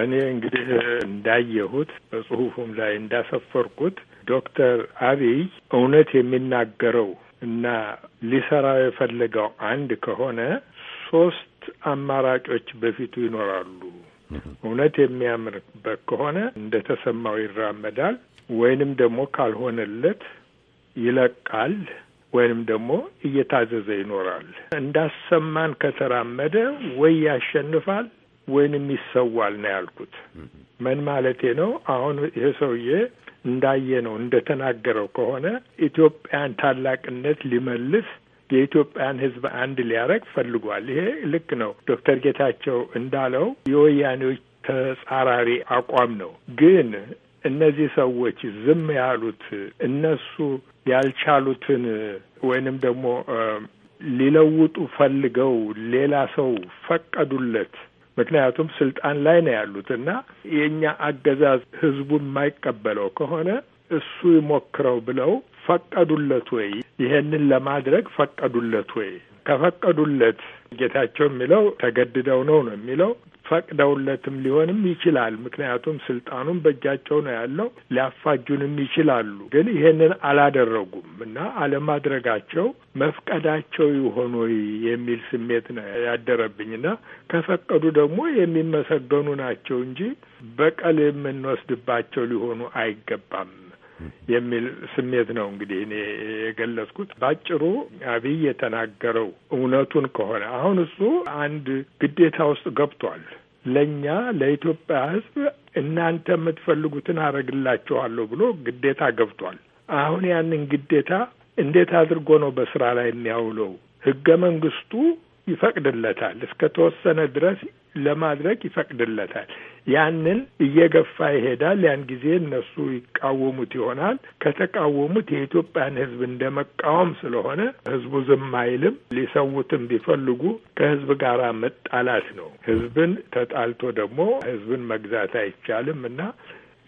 እኔ እንግዲህ እንዳየሁት በጽሁፉም ላይ እንዳሰፈርኩት ዶክተር አብይ እውነት የሚናገረው እና ሊሰራው የፈለገው አንድ ከሆነ ሶስት አማራጮች በፊቱ ይኖራሉ። እውነት የሚያምርበት ከሆነ እንደ ተሰማው ይራመዳል፣ ወይንም ደግሞ ካልሆነለት ይለቃል፣ ወይንም ደግሞ እየታዘዘ ይኖራል። እንዳሰማን ከተራመደ ወይ ያሸንፋል ወይንም ይሰዋል ነው ያልኩት። ምን ማለቴ ነው? አሁን ይሄ ሰውዬ እንዳየ ነው እንደተናገረው ከሆነ ኢትዮጵያን ታላቅነት ሊመልስ የኢትዮጵያን ሕዝብ አንድ ሊያደርግ ፈልጓል። ይሄ ልክ ነው። ዶክተር ጌታቸው እንዳለው የወያኔዎች ተጻራሪ አቋም ነው። ግን እነዚህ ሰዎች ዝም ያሉት እነሱ ያልቻሉትን ወይንም ደግሞ ሊለውጡ ፈልገው ሌላ ሰው ፈቀዱለት ምክንያቱም ስልጣን ላይ ነው ያሉት እና የእኛ አገዛዝ ህዝቡን የማይቀበለው ከሆነ እሱ ይሞክረው ብለው ፈቀዱለት ወይ? ይሄንን ለማድረግ ፈቀዱለት ወይ? ከፈቀዱለት ጌታቸው የሚለው ተገድደው ነው ነው የሚለው ፈቅደውለትም ሊሆንም ይችላል። ምክንያቱም ስልጣኑን በእጃቸው ነው ያለው። ሊያፋጁንም ይችላሉ። ግን ይሄንን አላደረጉም እና አለማድረጋቸው መፍቀዳቸው ይሆኑ የሚል ስሜት ነው ያደረብኝ እና ከፈቀዱ ደግሞ የሚመሰገኑ ናቸው እንጂ በቀል የምንወስድባቸው ሊሆኑ አይገባም የሚል ስሜት ነው እንግዲህ እኔ የገለጽኩት። ባጭሩ አብይ የተናገረው እውነቱን ከሆነ አሁን እሱ አንድ ግዴታ ውስጥ ገብቷል። ለእኛ ለኢትዮጵያ ሕዝብ እናንተ የምትፈልጉትን አረግላችኋለሁ ብሎ ግዴታ ገብቷል። አሁን ያንን ግዴታ እንዴት አድርጎ ነው በስራ ላይ የሚያውለው? ህገ መንግስቱ ይፈቅድለታል። እስከ ተወሰነ ድረስ ለማድረግ ይፈቅድለታል። ያንን እየገፋ ይሄዳል። ያን ጊዜ እነሱ ይቃወሙት ይሆናል። ከተቃወሙት የኢትዮጵያን ሕዝብ እንደ መቃወም ስለሆነ ሕዝቡ ዝም አይልም። ሊሰውትም ቢፈልጉ ከሕዝብ ጋር መጣላት ነው። ሕዝብን ተጣልቶ ደግሞ ሕዝብን መግዛት አይቻልም እና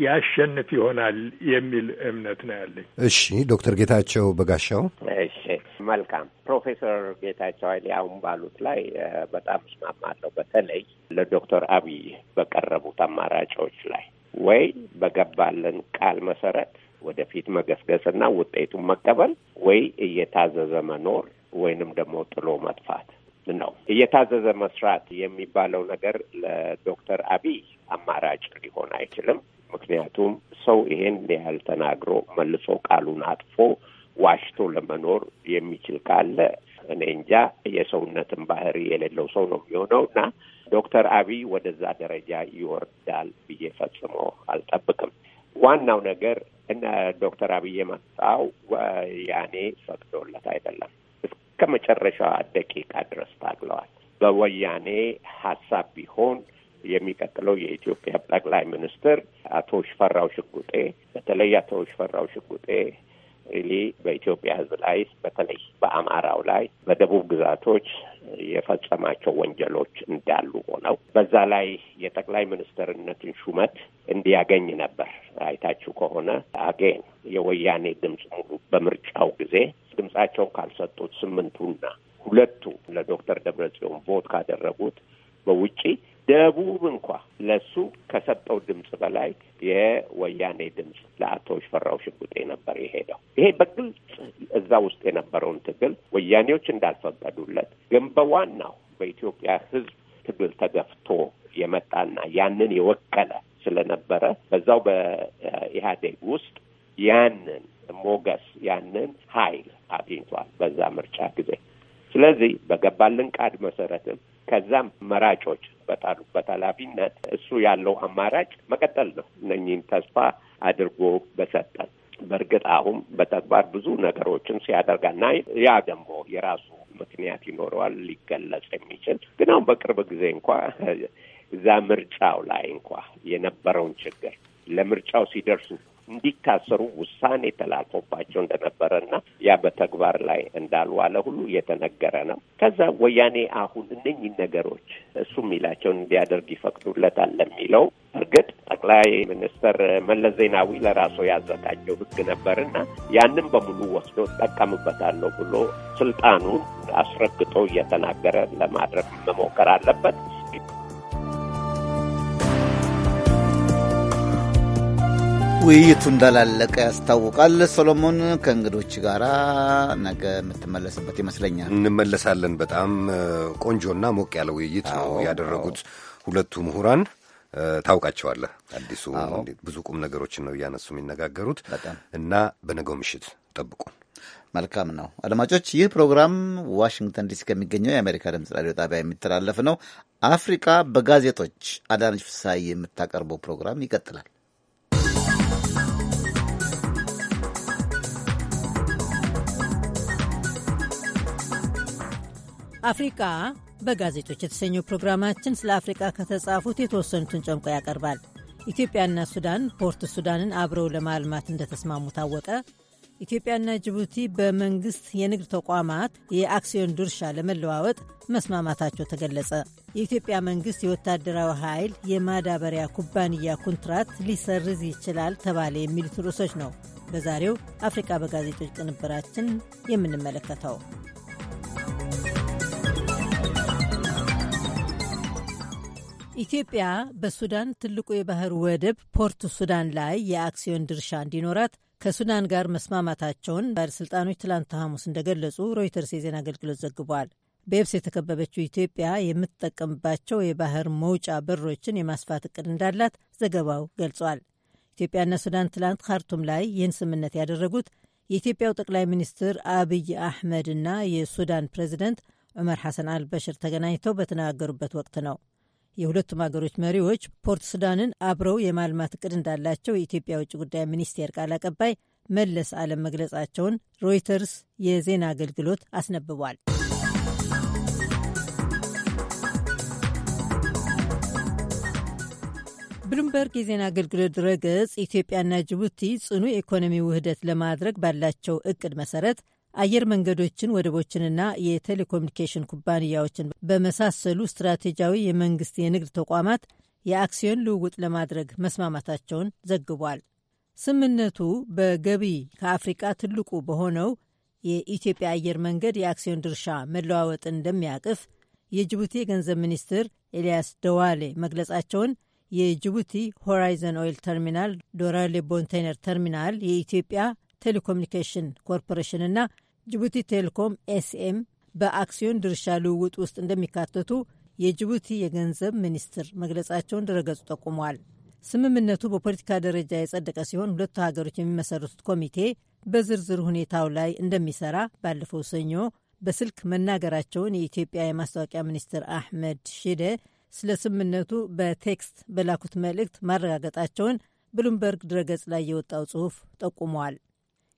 ያሸንፍ ይሆናል የሚል እምነት ነው ያለኝ። እሺ ዶክተር ጌታቸው በጋሻው። እሺ መልካም ፕሮፌሰር ጌታቸው ኃይሌ አሁን ባሉት ላይ በጣም እስማማለሁ። በተለይ ለዶክተር አብይ በቀረቡት አማራጮች ላይ ወይ በገባልን ቃል መሰረት ወደፊት መገስገስና ውጤቱን መቀበል ወይ እየታዘዘ መኖር ወይንም ደግሞ ጥሎ መጥፋት ነው። እየታዘዘ መስራት የሚባለው ነገር ለዶክተር አብይ አማራጭ ሊሆን አይችልም። ምክንያቱም ሰው ይሄን ያህል ተናግሮ መልሶ ቃሉን አጥፎ ዋሽቶ ለመኖር የሚችል ካለ እኔ እንጃ የሰውነትን ባህሪ የሌለው ሰው ነው የሚሆነው እና ዶክተር አብይ ወደዛ ደረጃ ይወርዳል ብዬ ፈጽሞ አልጠብቅም። ዋናው ነገር እነ ዶክተር አብይ የመጣው ወያኔ ፈቅዶለት አይደለም። እስከ መጨረሻ ደቂቃ ድረስ ታግለዋል። በወያኔ ሀሳብ ቢሆን የሚቀጥለው የኢትዮጵያ ጠቅላይ ሚኒስትር አቶ ሽፈራው ሽጉጤ በተለይ አቶ ሽፈራው ሽጉጤ ሪሊ በኢትዮጵያ ሕዝብ ላይ በተለይ በአማራው ላይ በደቡብ ግዛቶች የፈጸማቸው ወንጀሎች እንዳሉ ሆነው በዛ ላይ የጠቅላይ ሚኒስትርነትን ሹመት እንዲያገኝ ነበር። አይታችሁ ከሆነ አጌን የወያኔ ድምፅ ሙሉ በምርጫው ጊዜ ድምጻቸው ካልሰጡት ስምንቱና ሁለቱ ለዶክተር ደብረጽዮን ቮት ካደረጉት በውጪ ደቡብ እንኳ ለሱ ከሰጠው ድምፅ በላይ የወያኔ ድምፅ ለአቶ ሽፈራው ሽጉጤ ነበር የሄደው። ይሄ በግልጽ እዛ ውስጥ የነበረውን ትግል ወያኔዎች እንዳልፈቀዱለት ግን በዋናው በኢትዮጵያ ሕዝብ ትግል ተገፍቶ የመጣና ያንን የወከለ ስለነበረ በዛው በኢህአዴግ ውስጥ ያንን ሞገስ ያንን ኃይል አግኝቷል በዛ ምርጫ ጊዜ። ስለዚህ በገባልን ቃድ መሰረትም ከዛም መራጮች በጣሉበት ኃላፊነት እሱ ያለው አማራጭ መቀጠል ነው። እነኚህን ተስፋ አድርጎ በሰጠን በእርግጥ አሁን በተግባር ብዙ ነገሮችን ሲያደርጋና ያ ደግሞ የራሱ ምክንያት ይኖረዋል ሊገለጽ የሚችል ግን አሁን በቅርብ ጊዜ እንኳ እዛ ምርጫው ላይ እንኳ የነበረውን ችግር ለምርጫው ሲደርሱ እንዲታሰሩ ውሳኔ ተላልፎባቸው እንደነበረና ያ በተግባር ላይ እንዳልዋለ ሁሉ እየተነገረ ነው። ከዛ ወያኔ አሁን እነኚህ ነገሮች እሱ የሚላቸውን እንዲያደርግ ይፈቅዱለታል ለሚለው እርግጥ ጠቅላይ ሚኒስትር መለስ ዜናዊ ለራሱ ያዘጋጀው ሕግ ነበርና ያንን በሙሉ ወስዶ እጠቀምበታለሁ ብሎ ስልጣኑን አስረግጦ እየተናገረ ለማድረግ መሞከር አለበት። ውይይቱ እንዳላለቀ ያስታውቃል። ሶሎሞን ከእንግዶች ጋር ነገ የምትመለስበት ይመስለኛል። እንመለሳለን። በጣም ቆንጆና ሞቅ ያለ ውይይት ነው ያደረጉት ሁለቱ ምሁራን። ታውቃቸዋለህ አዲሱ፣ ብዙ ቁም ነገሮችን ነው እያነሱ የሚነጋገሩት እና በነገው ምሽት ጠብቁ። መልካም ነው አድማጮች። ይህ ፕሮግራም ዋሽንግተን ዲሲ ከሚገኘው የአሜሪካ ድምፅ ራዲዮ ጣቢያ የሚተላለፍ ነው። አፍሪካ በጋዜጦች አዳነች ፍሳይ የምታቀርበው ፕሮግራም ይቀጥላል። አፍሪቃ በጋዜጦች የተሰኘው ፕሮግራማችን ስለ አፍሪቃ ከተጻፉት የተወሰኑትን ጨምቆ ያቀርባል። ኢትዮጵያና ሱዳን ፖርት ሱዳንን አብረው ለማልማት እንደተስማሙ ታወቀ፣ ኢትዮጵያና ጅቡቲ በመንግሥት የንግድ ተቋማት የአክሲዮን ድርሻ ለመለዋወጥ መስማማታቸው ተገለጸ፣ የኢትዮጵያ መንግሥት የወታደራዊ ኃይል የማዳበሪያ ኩባንያ ኮንትራት ሊሰርዝ ይችላል ተባለ የሚሉት ርዕሶች ነው በዛሬው አፍሪቃ በጋዜጦች ቅንብራችን የምንመለከተው። ኢትዮጵያ በሱዳን ትልቁ የባህር ወደብ ፖርት ሱዳን ላይ የአክሲዮን ድርሻ እንዲኖራት ከሱዳን ጋር መስማማታቸውን ባለሥልጣኖች ትላንት ሐሙስ እንደገለጹ ሮይተርስ የዜና አገልግሎት ዘግቧል። በየብስ የተከበበችው ኢትዮጵያ የምትጠቀምባቸው የባህር መውጫ በሮችን የማስፋት እቅድ እንዳላት ዘገባው ገልጿል። ኢትዮጵያና ሱዳን ትላንት ካርቱም ላይ ይህን ስምምነት ያደረጉት የኢትዮጵያው ጠቅላይ ሚኒስትር አብይ አሕመድ እና የሱዳን ፕሬዚደንት ዑመር ሐሰን አልበሽር ተገናኝተው በተነጋገሩበት ወቅት ነው። የሁለቱም ሀገሮች መሪዎች ፖርት ሱዳንን አብረው የማልማት እቅድ እንዳላቸው የኢትዮጵያ ውጭ ጉዳይ ሚኒስቴር ቃል አቀባይ መለስ አለም መግለጻቸውን ሮይተርስ የዜና አገልግሎት አስነብቧል። ብሉምበርግ የዜና አገልግሎት ድረገጽ ኢትዮጵያና ጅቡቲ ጽኑ የኢኮኖሚ ውህደት ለማድረግ ባላቸው እቅድ መሰረት አየር መንገዶችን፣ ወደቦችንና የቴሌኮሙኒኬሽን ኩባንያዎችን በመሳሰሉ ስትራቴጂያዊ የመንግስት የንግድ ተቋማት የአክሲዮን ልውውጥ ለማድረግ መስማማታቸውን ዘግቧል። ስምምነቱ በገቢ ከአፍሪቃ ትልቁ በሆነው የኢትዮጵያ አየር መንገድ የአክሲዮን ድርሻ መለዋወጥ እንደሚያቅፍ የጅቡቲ የገንዘብ ሚኒስትር ኤልያስ ደዋሌ መግለጻቸውን የጅቡቲ ሆራይዘን ኦይል ተርሚናል፣ ዶራሌ ቦንቴነር ተርሚናል የኢትዮጵያ ቴሌኮሙኒኬሽን ኮርፖሬሽንና ጅቡቲ ቴሌኮም ኤስኤም በአክሲዮን ድርሻ ልውውጥ ውስጥ እንደሚካተቱ የጅቡቲ የገንዘብ ሚኒስትር መግለጻቸውን ድረገጹ ጠቁመዋል። ስምምነቱ በፖለቲካ ደረጃ የጸደቀ ሲሆን ሁለቱ ሀገሮች የሚመሰርቱት ኮሚቴ በዝርዝር ሁኔታው ላይ እንደሚሰራ ባለፈው ሰኞ በስልክ መናገራቸውን የኢትዮጵያ የማስታወቂያ ሚኒስትር አህመድ ሺደ ስለ ስምምነቱ በቴክስት በላኩት መልእክት ማረጋገጣቸውን ብሉምበርግ ድረገጽ ላይ የወጣው ጽሑፍ ጠቁመዋል።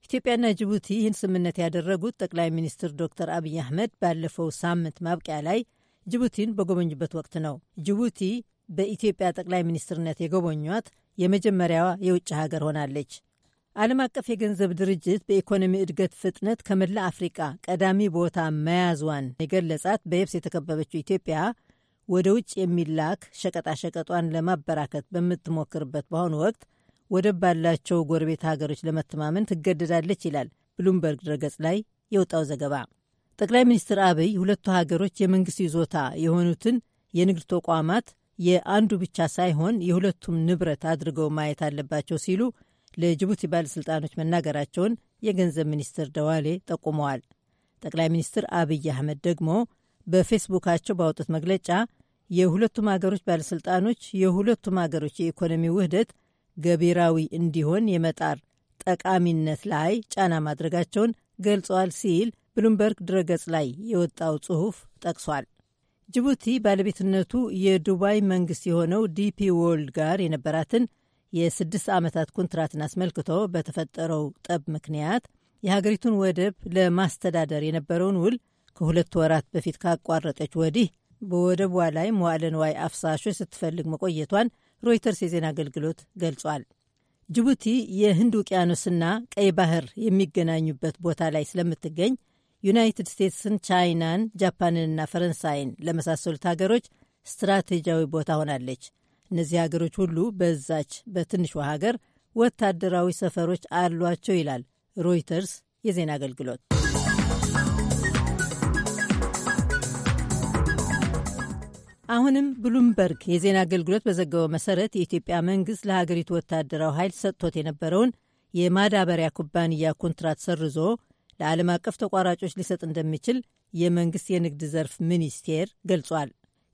ኢትዮጵያና ጅቡቲ ይህን ስምምነት ያደረጉት ጠቅላይ ሚኒስትር ዶክተር አብይ አህመድ ባለፈው ሳምንት ማብቂያ ላይ ጅቡቲን በጎበኙበት ወቅት ነው። ጅቡቲ በኢትዮጵያ ጠቅላይ ሚኒስትርነት የጎበኟት የመጀመሪያዋ የውጭ ሀገር ሆናለች። ዓለም አቀፍ የገንዘብ ድርጅት በኢኮኖሚ እድገት ፍጥነት ከመላ አፍሪቃ ቀዳሚ ቦታ መያዟን የገለጻት በየብስ የተከበበችው ኢትዮጵያ ወደ ውጭ የሚላክ ሸቀጣሸቀጧን ለማበራከት በምትሞክርበት በአሁኑ ወቅት ወደብ ባላቸው ጎረቤት ሀገሮች ለመተማመን ትገደዳለች ይላል ብሉምበርግ ድረገጽ ላይ የወጣው ዘገባ። ጠቅላይ ሚኒስትር አብይ ሁለቱ ሀገሮች የመንግስት ይዞታ የሆኑትን የንግድ ተቋማት የአንዱ ብቻ ሳይሆን የሁለቱም ንብረት አድርገው ማየት አለባቸው ሲሉ ለጅቡቲ ባለሥልጣኖች መናገራቸውን የገንዘብ ሚኒስትር ደዋሌ ጠቁመዋል። ጠቅላይ ሚኒስትር አብይ አህመድ ደግሞ በፌስቡካቸው ባወጡት መግለጫ የሁለቱም ሀገሮች ባለሥልጣኖች የሁለቱም ሀገሮች የኢኮኖሚ ውህደት ገቢራዊ እንዲሆን የመጣር ጠቃሚነት ላይ ጫና ማድረጋቸውን ገልጸዋል ሲል ብሉምበርግ ድረገጽ ላይ የወጣው ጽሑፍ ጠቅሷል። ጅቡቲ ባለቤትነቱ የዱባይ መንግስት የሆነው ዲፒ ወርልድ ጋር የነበራትን የስድስት ዓመታት ኮንትራትን አስመልክቶ በተፈጠረው ጠብ ምክንያት የሀገሪቱን ወደብ ለማስተዳደር የነበረውን ውል ከሁለት ወራት በፊት ካቋረጠች ወዲህ በወደቧ ላይ መዋለ ንዋይ አፍሳሾች ስትፈልግ መቆየቷን ሮይተርስ የዜና አገልግሎት ገልጿል። ጅቡቲ የህንድ ውቅያኖስና ቀይ ባህር የሚገናኙበት ቦታ ላይ ስለምትገኝ ዩናይትድ ስቴትስን፣ ቻይናን፣ ጃፓንንና ፈረንሳይን ለመሳሰሉት ሀገሮች ስትራቴጂያዊ ቦታ ሆናለች። እነዚህ ሀገሮች ሁሉ በዛች በትንሿ ሀገር ወታደራዊ ሰፈሮች አሏቸው ይላል ሮይተርስ የዜና አገልግሎት። አሁንም ብሉምበርግ የዜና አገልግሎት በዘገበው መሰረት የኢትዮጵያ መንግሥት ለሀገሪቱ ወታደራዊ ኃይል ሰጥቶት የነበረውን የማዳበሪያ ኩባንያ ኮንትራት ሰርዞ ለዓለም አቀፍ ተቋራጮች ሊሰጥ እንደሚችል የመንግሥት የንግድ ዘርፍ ሚኒስቴር ገልጿል።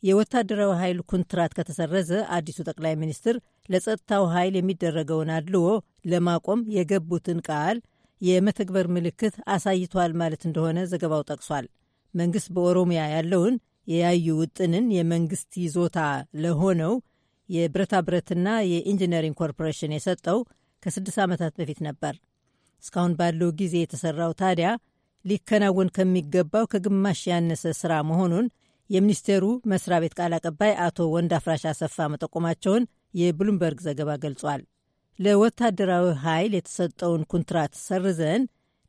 የወታደራዊ ኃይል ኮንትራት ከተሰረዘ አዲሱ ጠቅላይ ሚኒስትር ለጸጥታው ኃይል የሚደረገውን አድልዎ ለማቆም የገቡትን ቃል የመተግበር ምልክት አሳይቷል ማለት እንደሆነ ዘገባው ጠቅሷል። መንግሥት በኦሮሚያ ያለውን የያዩ ውጥንን የመንግስት ይዞታ ለሆነው የብረታ ብረትና የኢንጂነሪንግ ኮርፖሬሽን የሰጠው ከስድስት ዓመታት በፊት ነበር። እስካሁን ባለው ጊዜ የተሰራው ታዲያ ሊከናወን ከሚገባው ከግማሽ ያነሰ ስራ መሆኑን የሚኒስቴሩ መስሪያ ቤት ቃል አቀባይ አቶ አፍራሽ አሰፋ መጠቆማቸውን የብሉምበርግ ዘገባ ገልጿል። ለወታደራዊ ኃይል የተሰጠውን ኩንትራት ሰርዘን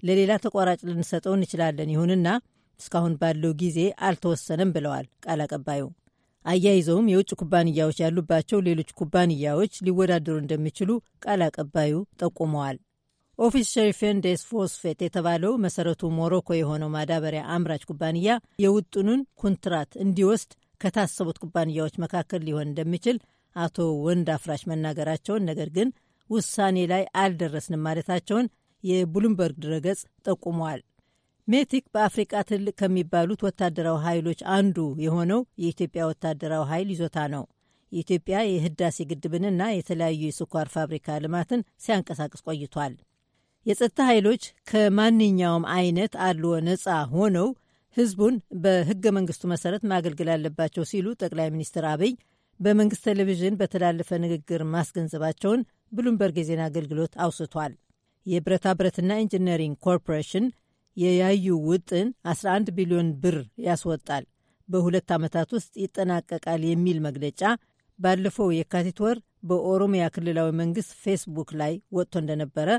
ለሌላ ተቋራጭ ልንሰጠው እንችላለን። ይሁንና እስካሁን ባለው ጊዜ አልተወሰነም ብለዋል ቃል አቀባዩ። አያይዘውም የውጭ ኩባንያዎች ያሉባቸው ሌሎች ኩባንያዎች ሊወዳደሩ እንደሚችሉ ቃል አቀባዩ ጠቁመዋል። ኦፊስ ሸሪፌን ዴስ ፎስፌት የተባለው መሰረቱ ሞሮኮ የሆነው ማዳበሪያ አምራች ኩባንያ የውጡኑን ኩንትራት እንዲወስድ ከታሰቡት ኩባንያዎች መካከል ሊሆን እንደሚችል አቶ ወንድ አፍራሽ መናገራቸውን፣ ነገር ግን ውሳኔ ላይ አልደረስንም ማለታቸውን የብሉምበርግ ድረገጽ ጠቁመዋል። ሜቲክ በአፍሪቃ ትልቅ ከሚባሉት ወታደራዊ ኃይሎች አንዱ የሆነው የኢትዮጵያ ወታደራዊ ኃይል ይዞታ ነው። የኢትዮጵያ የህዳሴ ግድብንና የተለያዩ የስኳር ፋብሪካ ልማትን ሲያንቀሳቅስ ቆይቷል። የጸጥታ ኃይሎች ከማንኛውም አይነት አድልዎ ነጻ ሆነው ህዝቡን በህገ መንግስቱ መሰረት ማገልገል አለባቸው ሲሉ ጠቅላይ ሚኒስትር አብይ በመንግስት ቴሌቪዥን በተላለፈ ንግግር ማስገንዘባቸውን ብሉምበርግ የዜና አገልግሎት አውስቷል። የብረታ ብረትና ኢንጂነሪንግ ኮርፖሬሽን የያዩ ውጥን 11 ቢሊዮን ብር ያስወጣል፣ በሁለት ዓመታት ውስጥ ይጠናቀቃል የሚል መግለጫ ባለፈው የካቲት ወር በኦሮሚያ ክልላዊ መንግስት ፌስቡክ ላይ ወጥቶ እንደነበረ፣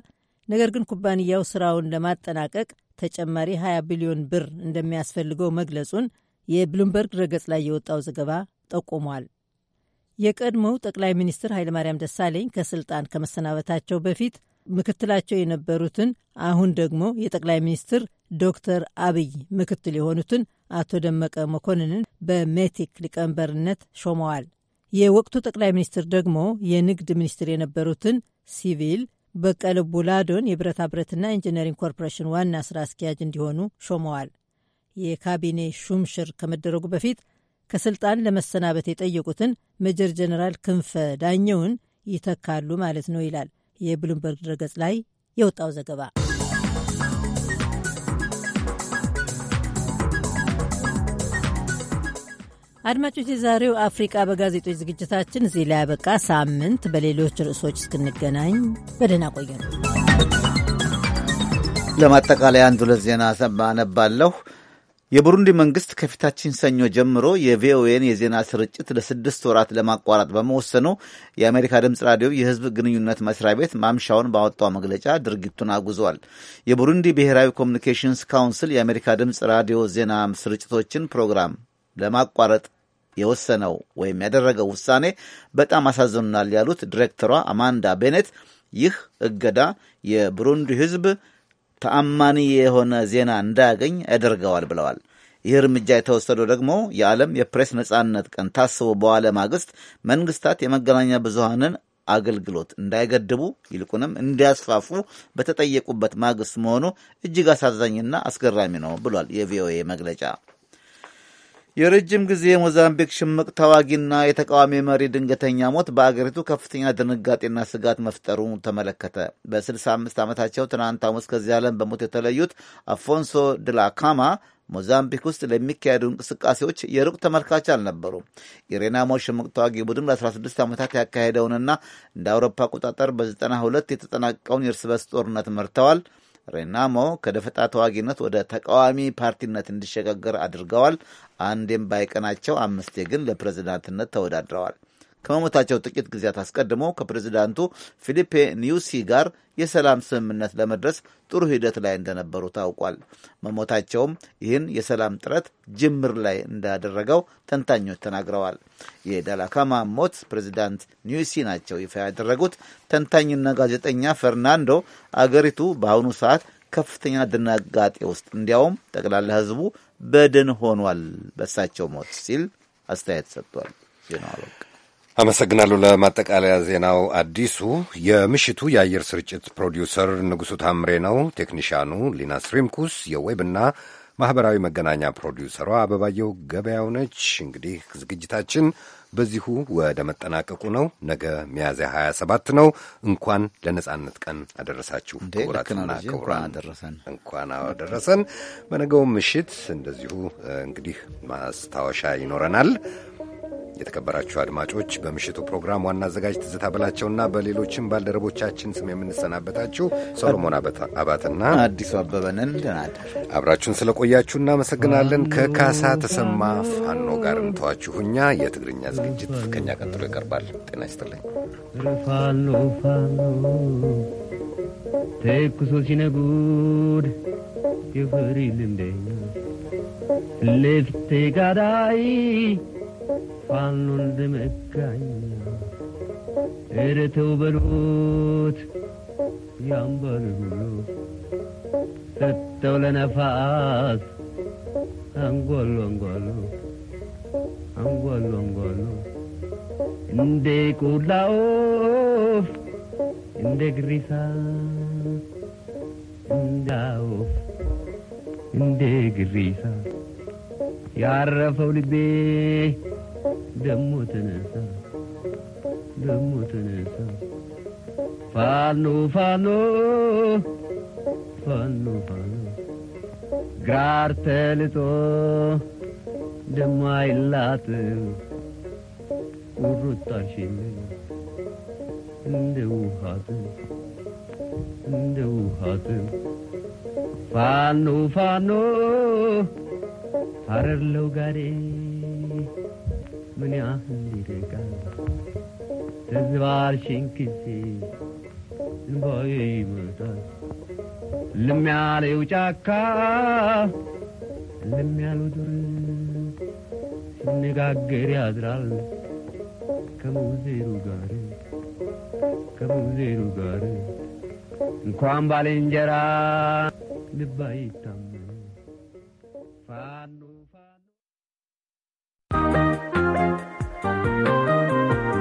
ነገር ግን ኩባንያው ስራውን ለማጠናቀቅ ተጨማሪ 20 ቢሊዮን ብር እንደሚያስፈልገው መግለጹን የብሉምበርግ ረገጽ ላይ የወጣው ዘገባ ጠቁሟል። የቀድሞው ጠቅላይ ሚኒስትር ኃይለማርያም ደሳለኝ ከስልጣን ከመሰናበታቸው በፊት ምክትላቸው የነበሩትን አሁን ደግሞ የጠቅላይ ሚኒስትር ዶክተር አብይ ምክትል የሆኑትን አቶ ደመቀ መኮንንን በሜቲክ ሊቀመንበርነት ሾመዋል። የወቅቱ ጠቅላይ ሚኒስትር ደግሞ የንግድ ሚኒስትር የነበሩትን ሲቪል በቀለ ቡላዶን የብረታ ብረትና ኢንጂነሪንግ ኮርፖሬሽን ዋና ስራ አስኪያጅ እንዲሆኑ ሾመዋል። የካቢኔ ሹምሽር ከመደረጉ በፊት ከስልጣን ለመሰናበት የጠየቁትን መጀር ጀነራል ክንፈ ዳኘውን ይተካሉ ማለት ነው ይላል የብሉምበርግ ድረገጽ ላይ የወጣው ዘገባ። አድማጮች፣ የዛሬው አፍሪቃ በጋዜጦች ዝግጅታችን እዚህ ላይ ያበቃ። ሳምንት በሌሎች ርዕሶች እስክንገናኝ በደህና ቆየ ለማጠቃለያ አንድ ሁለት ዜና አነባለሁ። የቡሩንዲ መንግስት ከፊታችን ሰኞ ጀምሮ የቪኦኤን የዜና ስርጭት ለስድስት ወራት ለማቋረጥ በመወሰኑ የአሜሪካ ድምፅ ራዲዮ የህዝብ ግንኙነት መስሪያ ቤት ማምሻውን ባወጣው መግለጫ ድርጊቱን አጉዟል። የቡሩንዲ ብሔራዊ ኮሚኒኬሽንስ ካውንስል የአሜሪካ ድምፅ ራዲዮ ዜና ስርጭቶችን ፕሮግራም ለማቋረጥ የወሰነው ወይም ያደረገው ውሳኔ በጣም አሳዝኑናል ያሉት ዲሬክተሯ አማንዳ ቤኔት ይህ እገዳ የብሩንዲ ህዝብ ተአማኒ የሆነ ዜና እንዳያገኝ ያደርገዋል ብለዋል። ይህ እርምጃ የተወሰደው ደግሞ የዓለም የፕሬስ ነጻነት ቀን ታስቦ በዋለ ማግስት መንግስታት የመገናኛ ብዙሃንን አገልግሎት እንዳይገድቡ ይልቁንም እንዲያስፋፉ በተጠየቁበት ማግስት መሆኑ እጅግ አሳዛኝና አስገራሚ ነው ብሏል የቪኦኤ መግለጫ። የረጅም ጊዜ የሞዛምቢክ ሽምቅ ተዋጊና የተቃዋሚ መሪ ድንገተኛ ሞት በአገሪቱ ከፍተኛ ድንጋጤና ስጋት መፍጠሩ ተመለከተ። በ65 ዓመታቸው ትናንት ሐሙስ ከዚህ ዓለም በሞት የተለዩት አፎንሶ ድላካማ ሞዛምቢክ ውስጥ ለሚካሄዱ እንቅስቃሴዎች የሩቅ ተመልካች አልነበሩም። የሬናሞ ሽምቅ ተዋጊ ቡድን ለ16 ዓመታት ያካሄደውንና እንደ አውሮፓ አቆጣጠር በ92 የተጠናቀውን የእርስ በርስ ጦርነት መርተዋል። ሬናሞ ከደፈጣ ተዋጊነት ወደ ተቃዋሚ ፓርቲነት እንዲሸጋገር አድርገዋል። አንዴም ባይቀናቸው አምስቴ ግን ለፕሬዝዳንትነት ተወዳድረዋል። ከመሞታቸው ጥቂት ጊዜያት አስቀድሞ ከፕሬዚዳንቱ ፊሊፔ ኒውሲ ጋር የሰላም ስምምነት ለመድረስ ጥሩ ሂደት ላይ እንደነበሩ ታውቋል። መሞታቸውም ይህን የሰላም ጥረት ጅምር ላይ እንዳደረገው ተንታኞች ተናግረዋል። የዳላካማ ሞት ፕሬዚዳንት ኒውሲ ናቸው ይፋ ያደረጉት። ተንታኝና ጋዜጠኛ ፈርናንዶ አገሪቱ በአሁኑ ሰዓት ከፍተኛ ድንጋጤ ውስጥ እንዲያውም ጠቅላላ ሕዝቡ በድን ሆኗል በሳቸው ሞት ሲል አስተያየት ሰጥቷል። ዜና አበቃ። አመሰግናለሁ። ለማጠቃለያ ዜናው አዲሱ የምሽቱ የአየር ስርጭት ፕሮዲውሰር ንጉሡ ታምሬ ነው። ቴክኒሻኑ ሊና ስሪምኩስ፣ የዌብና ማኅበራዊ መገናኛ ፕሮዲውሰሯ አበባየው ገበያው ነች። እንግዲህ ዝግጅታችን በዚሁ ወደ መጠናቀቁ ነው። ነገ ሚያዝያ 27 ነው። እንኳን ለነጻነት ቀን አደረሳችሁ ክቡራትና ክቡራን፣ እንኳን አደረሰን። በነገው ምሽት እንደዚሁ እንግዲህ ማስታወሻ ይኖረናል። የተከበራችሁ አድማጮች በምሽቱ ፕሮግራም ዋና አዘጋጅ ትዝታ በላቸውና በሌሎችም ባልደረቦቻችን ስም የምንሰናበታችሁ ሰሎሞን አባትና አዲሱ አበበንን አብራችሁን ስለቆያችሁ እናመሰግናለን። ከካሳ ተሰማ ፋኖ ጋር እንተዋችሁኛ። የትግርኛ ዝግጅት ከኛ ቀጥሎ ይቀርባል። ጤና ይስጥልኝ። ፋኖ ፋኖ ተኩሶ ሲነጉድ ልፍቴ ጋዳይ ፋኖ እንደ መጋኛ ኧረ ተው በሉት ያምባል ብሎ ሰጠው ለነፋስ አንጓሉ አንጓሉ አንጓሉ አንጓሉ እንደ ቆላ ወፍ እንደ ግሪሳ እንደ ወፍ እንደ ግሪሳ ያረፈው ልቤ ደሞ ተነሳ ደሞ ተነሳ ፋኖ ፋኖ ፋኖ ፋኖ ግራር ተልጦ ደሞ አይላት ውሩጣሽ እንደ ውሃት እንደ ውሃት ፋኖ ፋኖ አረርለው ለውጋዴ ምን ያህል ይርቃል ተዝባርሽን ጊዜ እንባዬ ይመጣል እልም ያለው ጫካ እልም ያለው ዱር ሲነጋገር ያድራል ከሙዜሩ ጋር ከሙዜሩ ጋር እንኳን ባልንጀራ ልባይ ይታመ Fan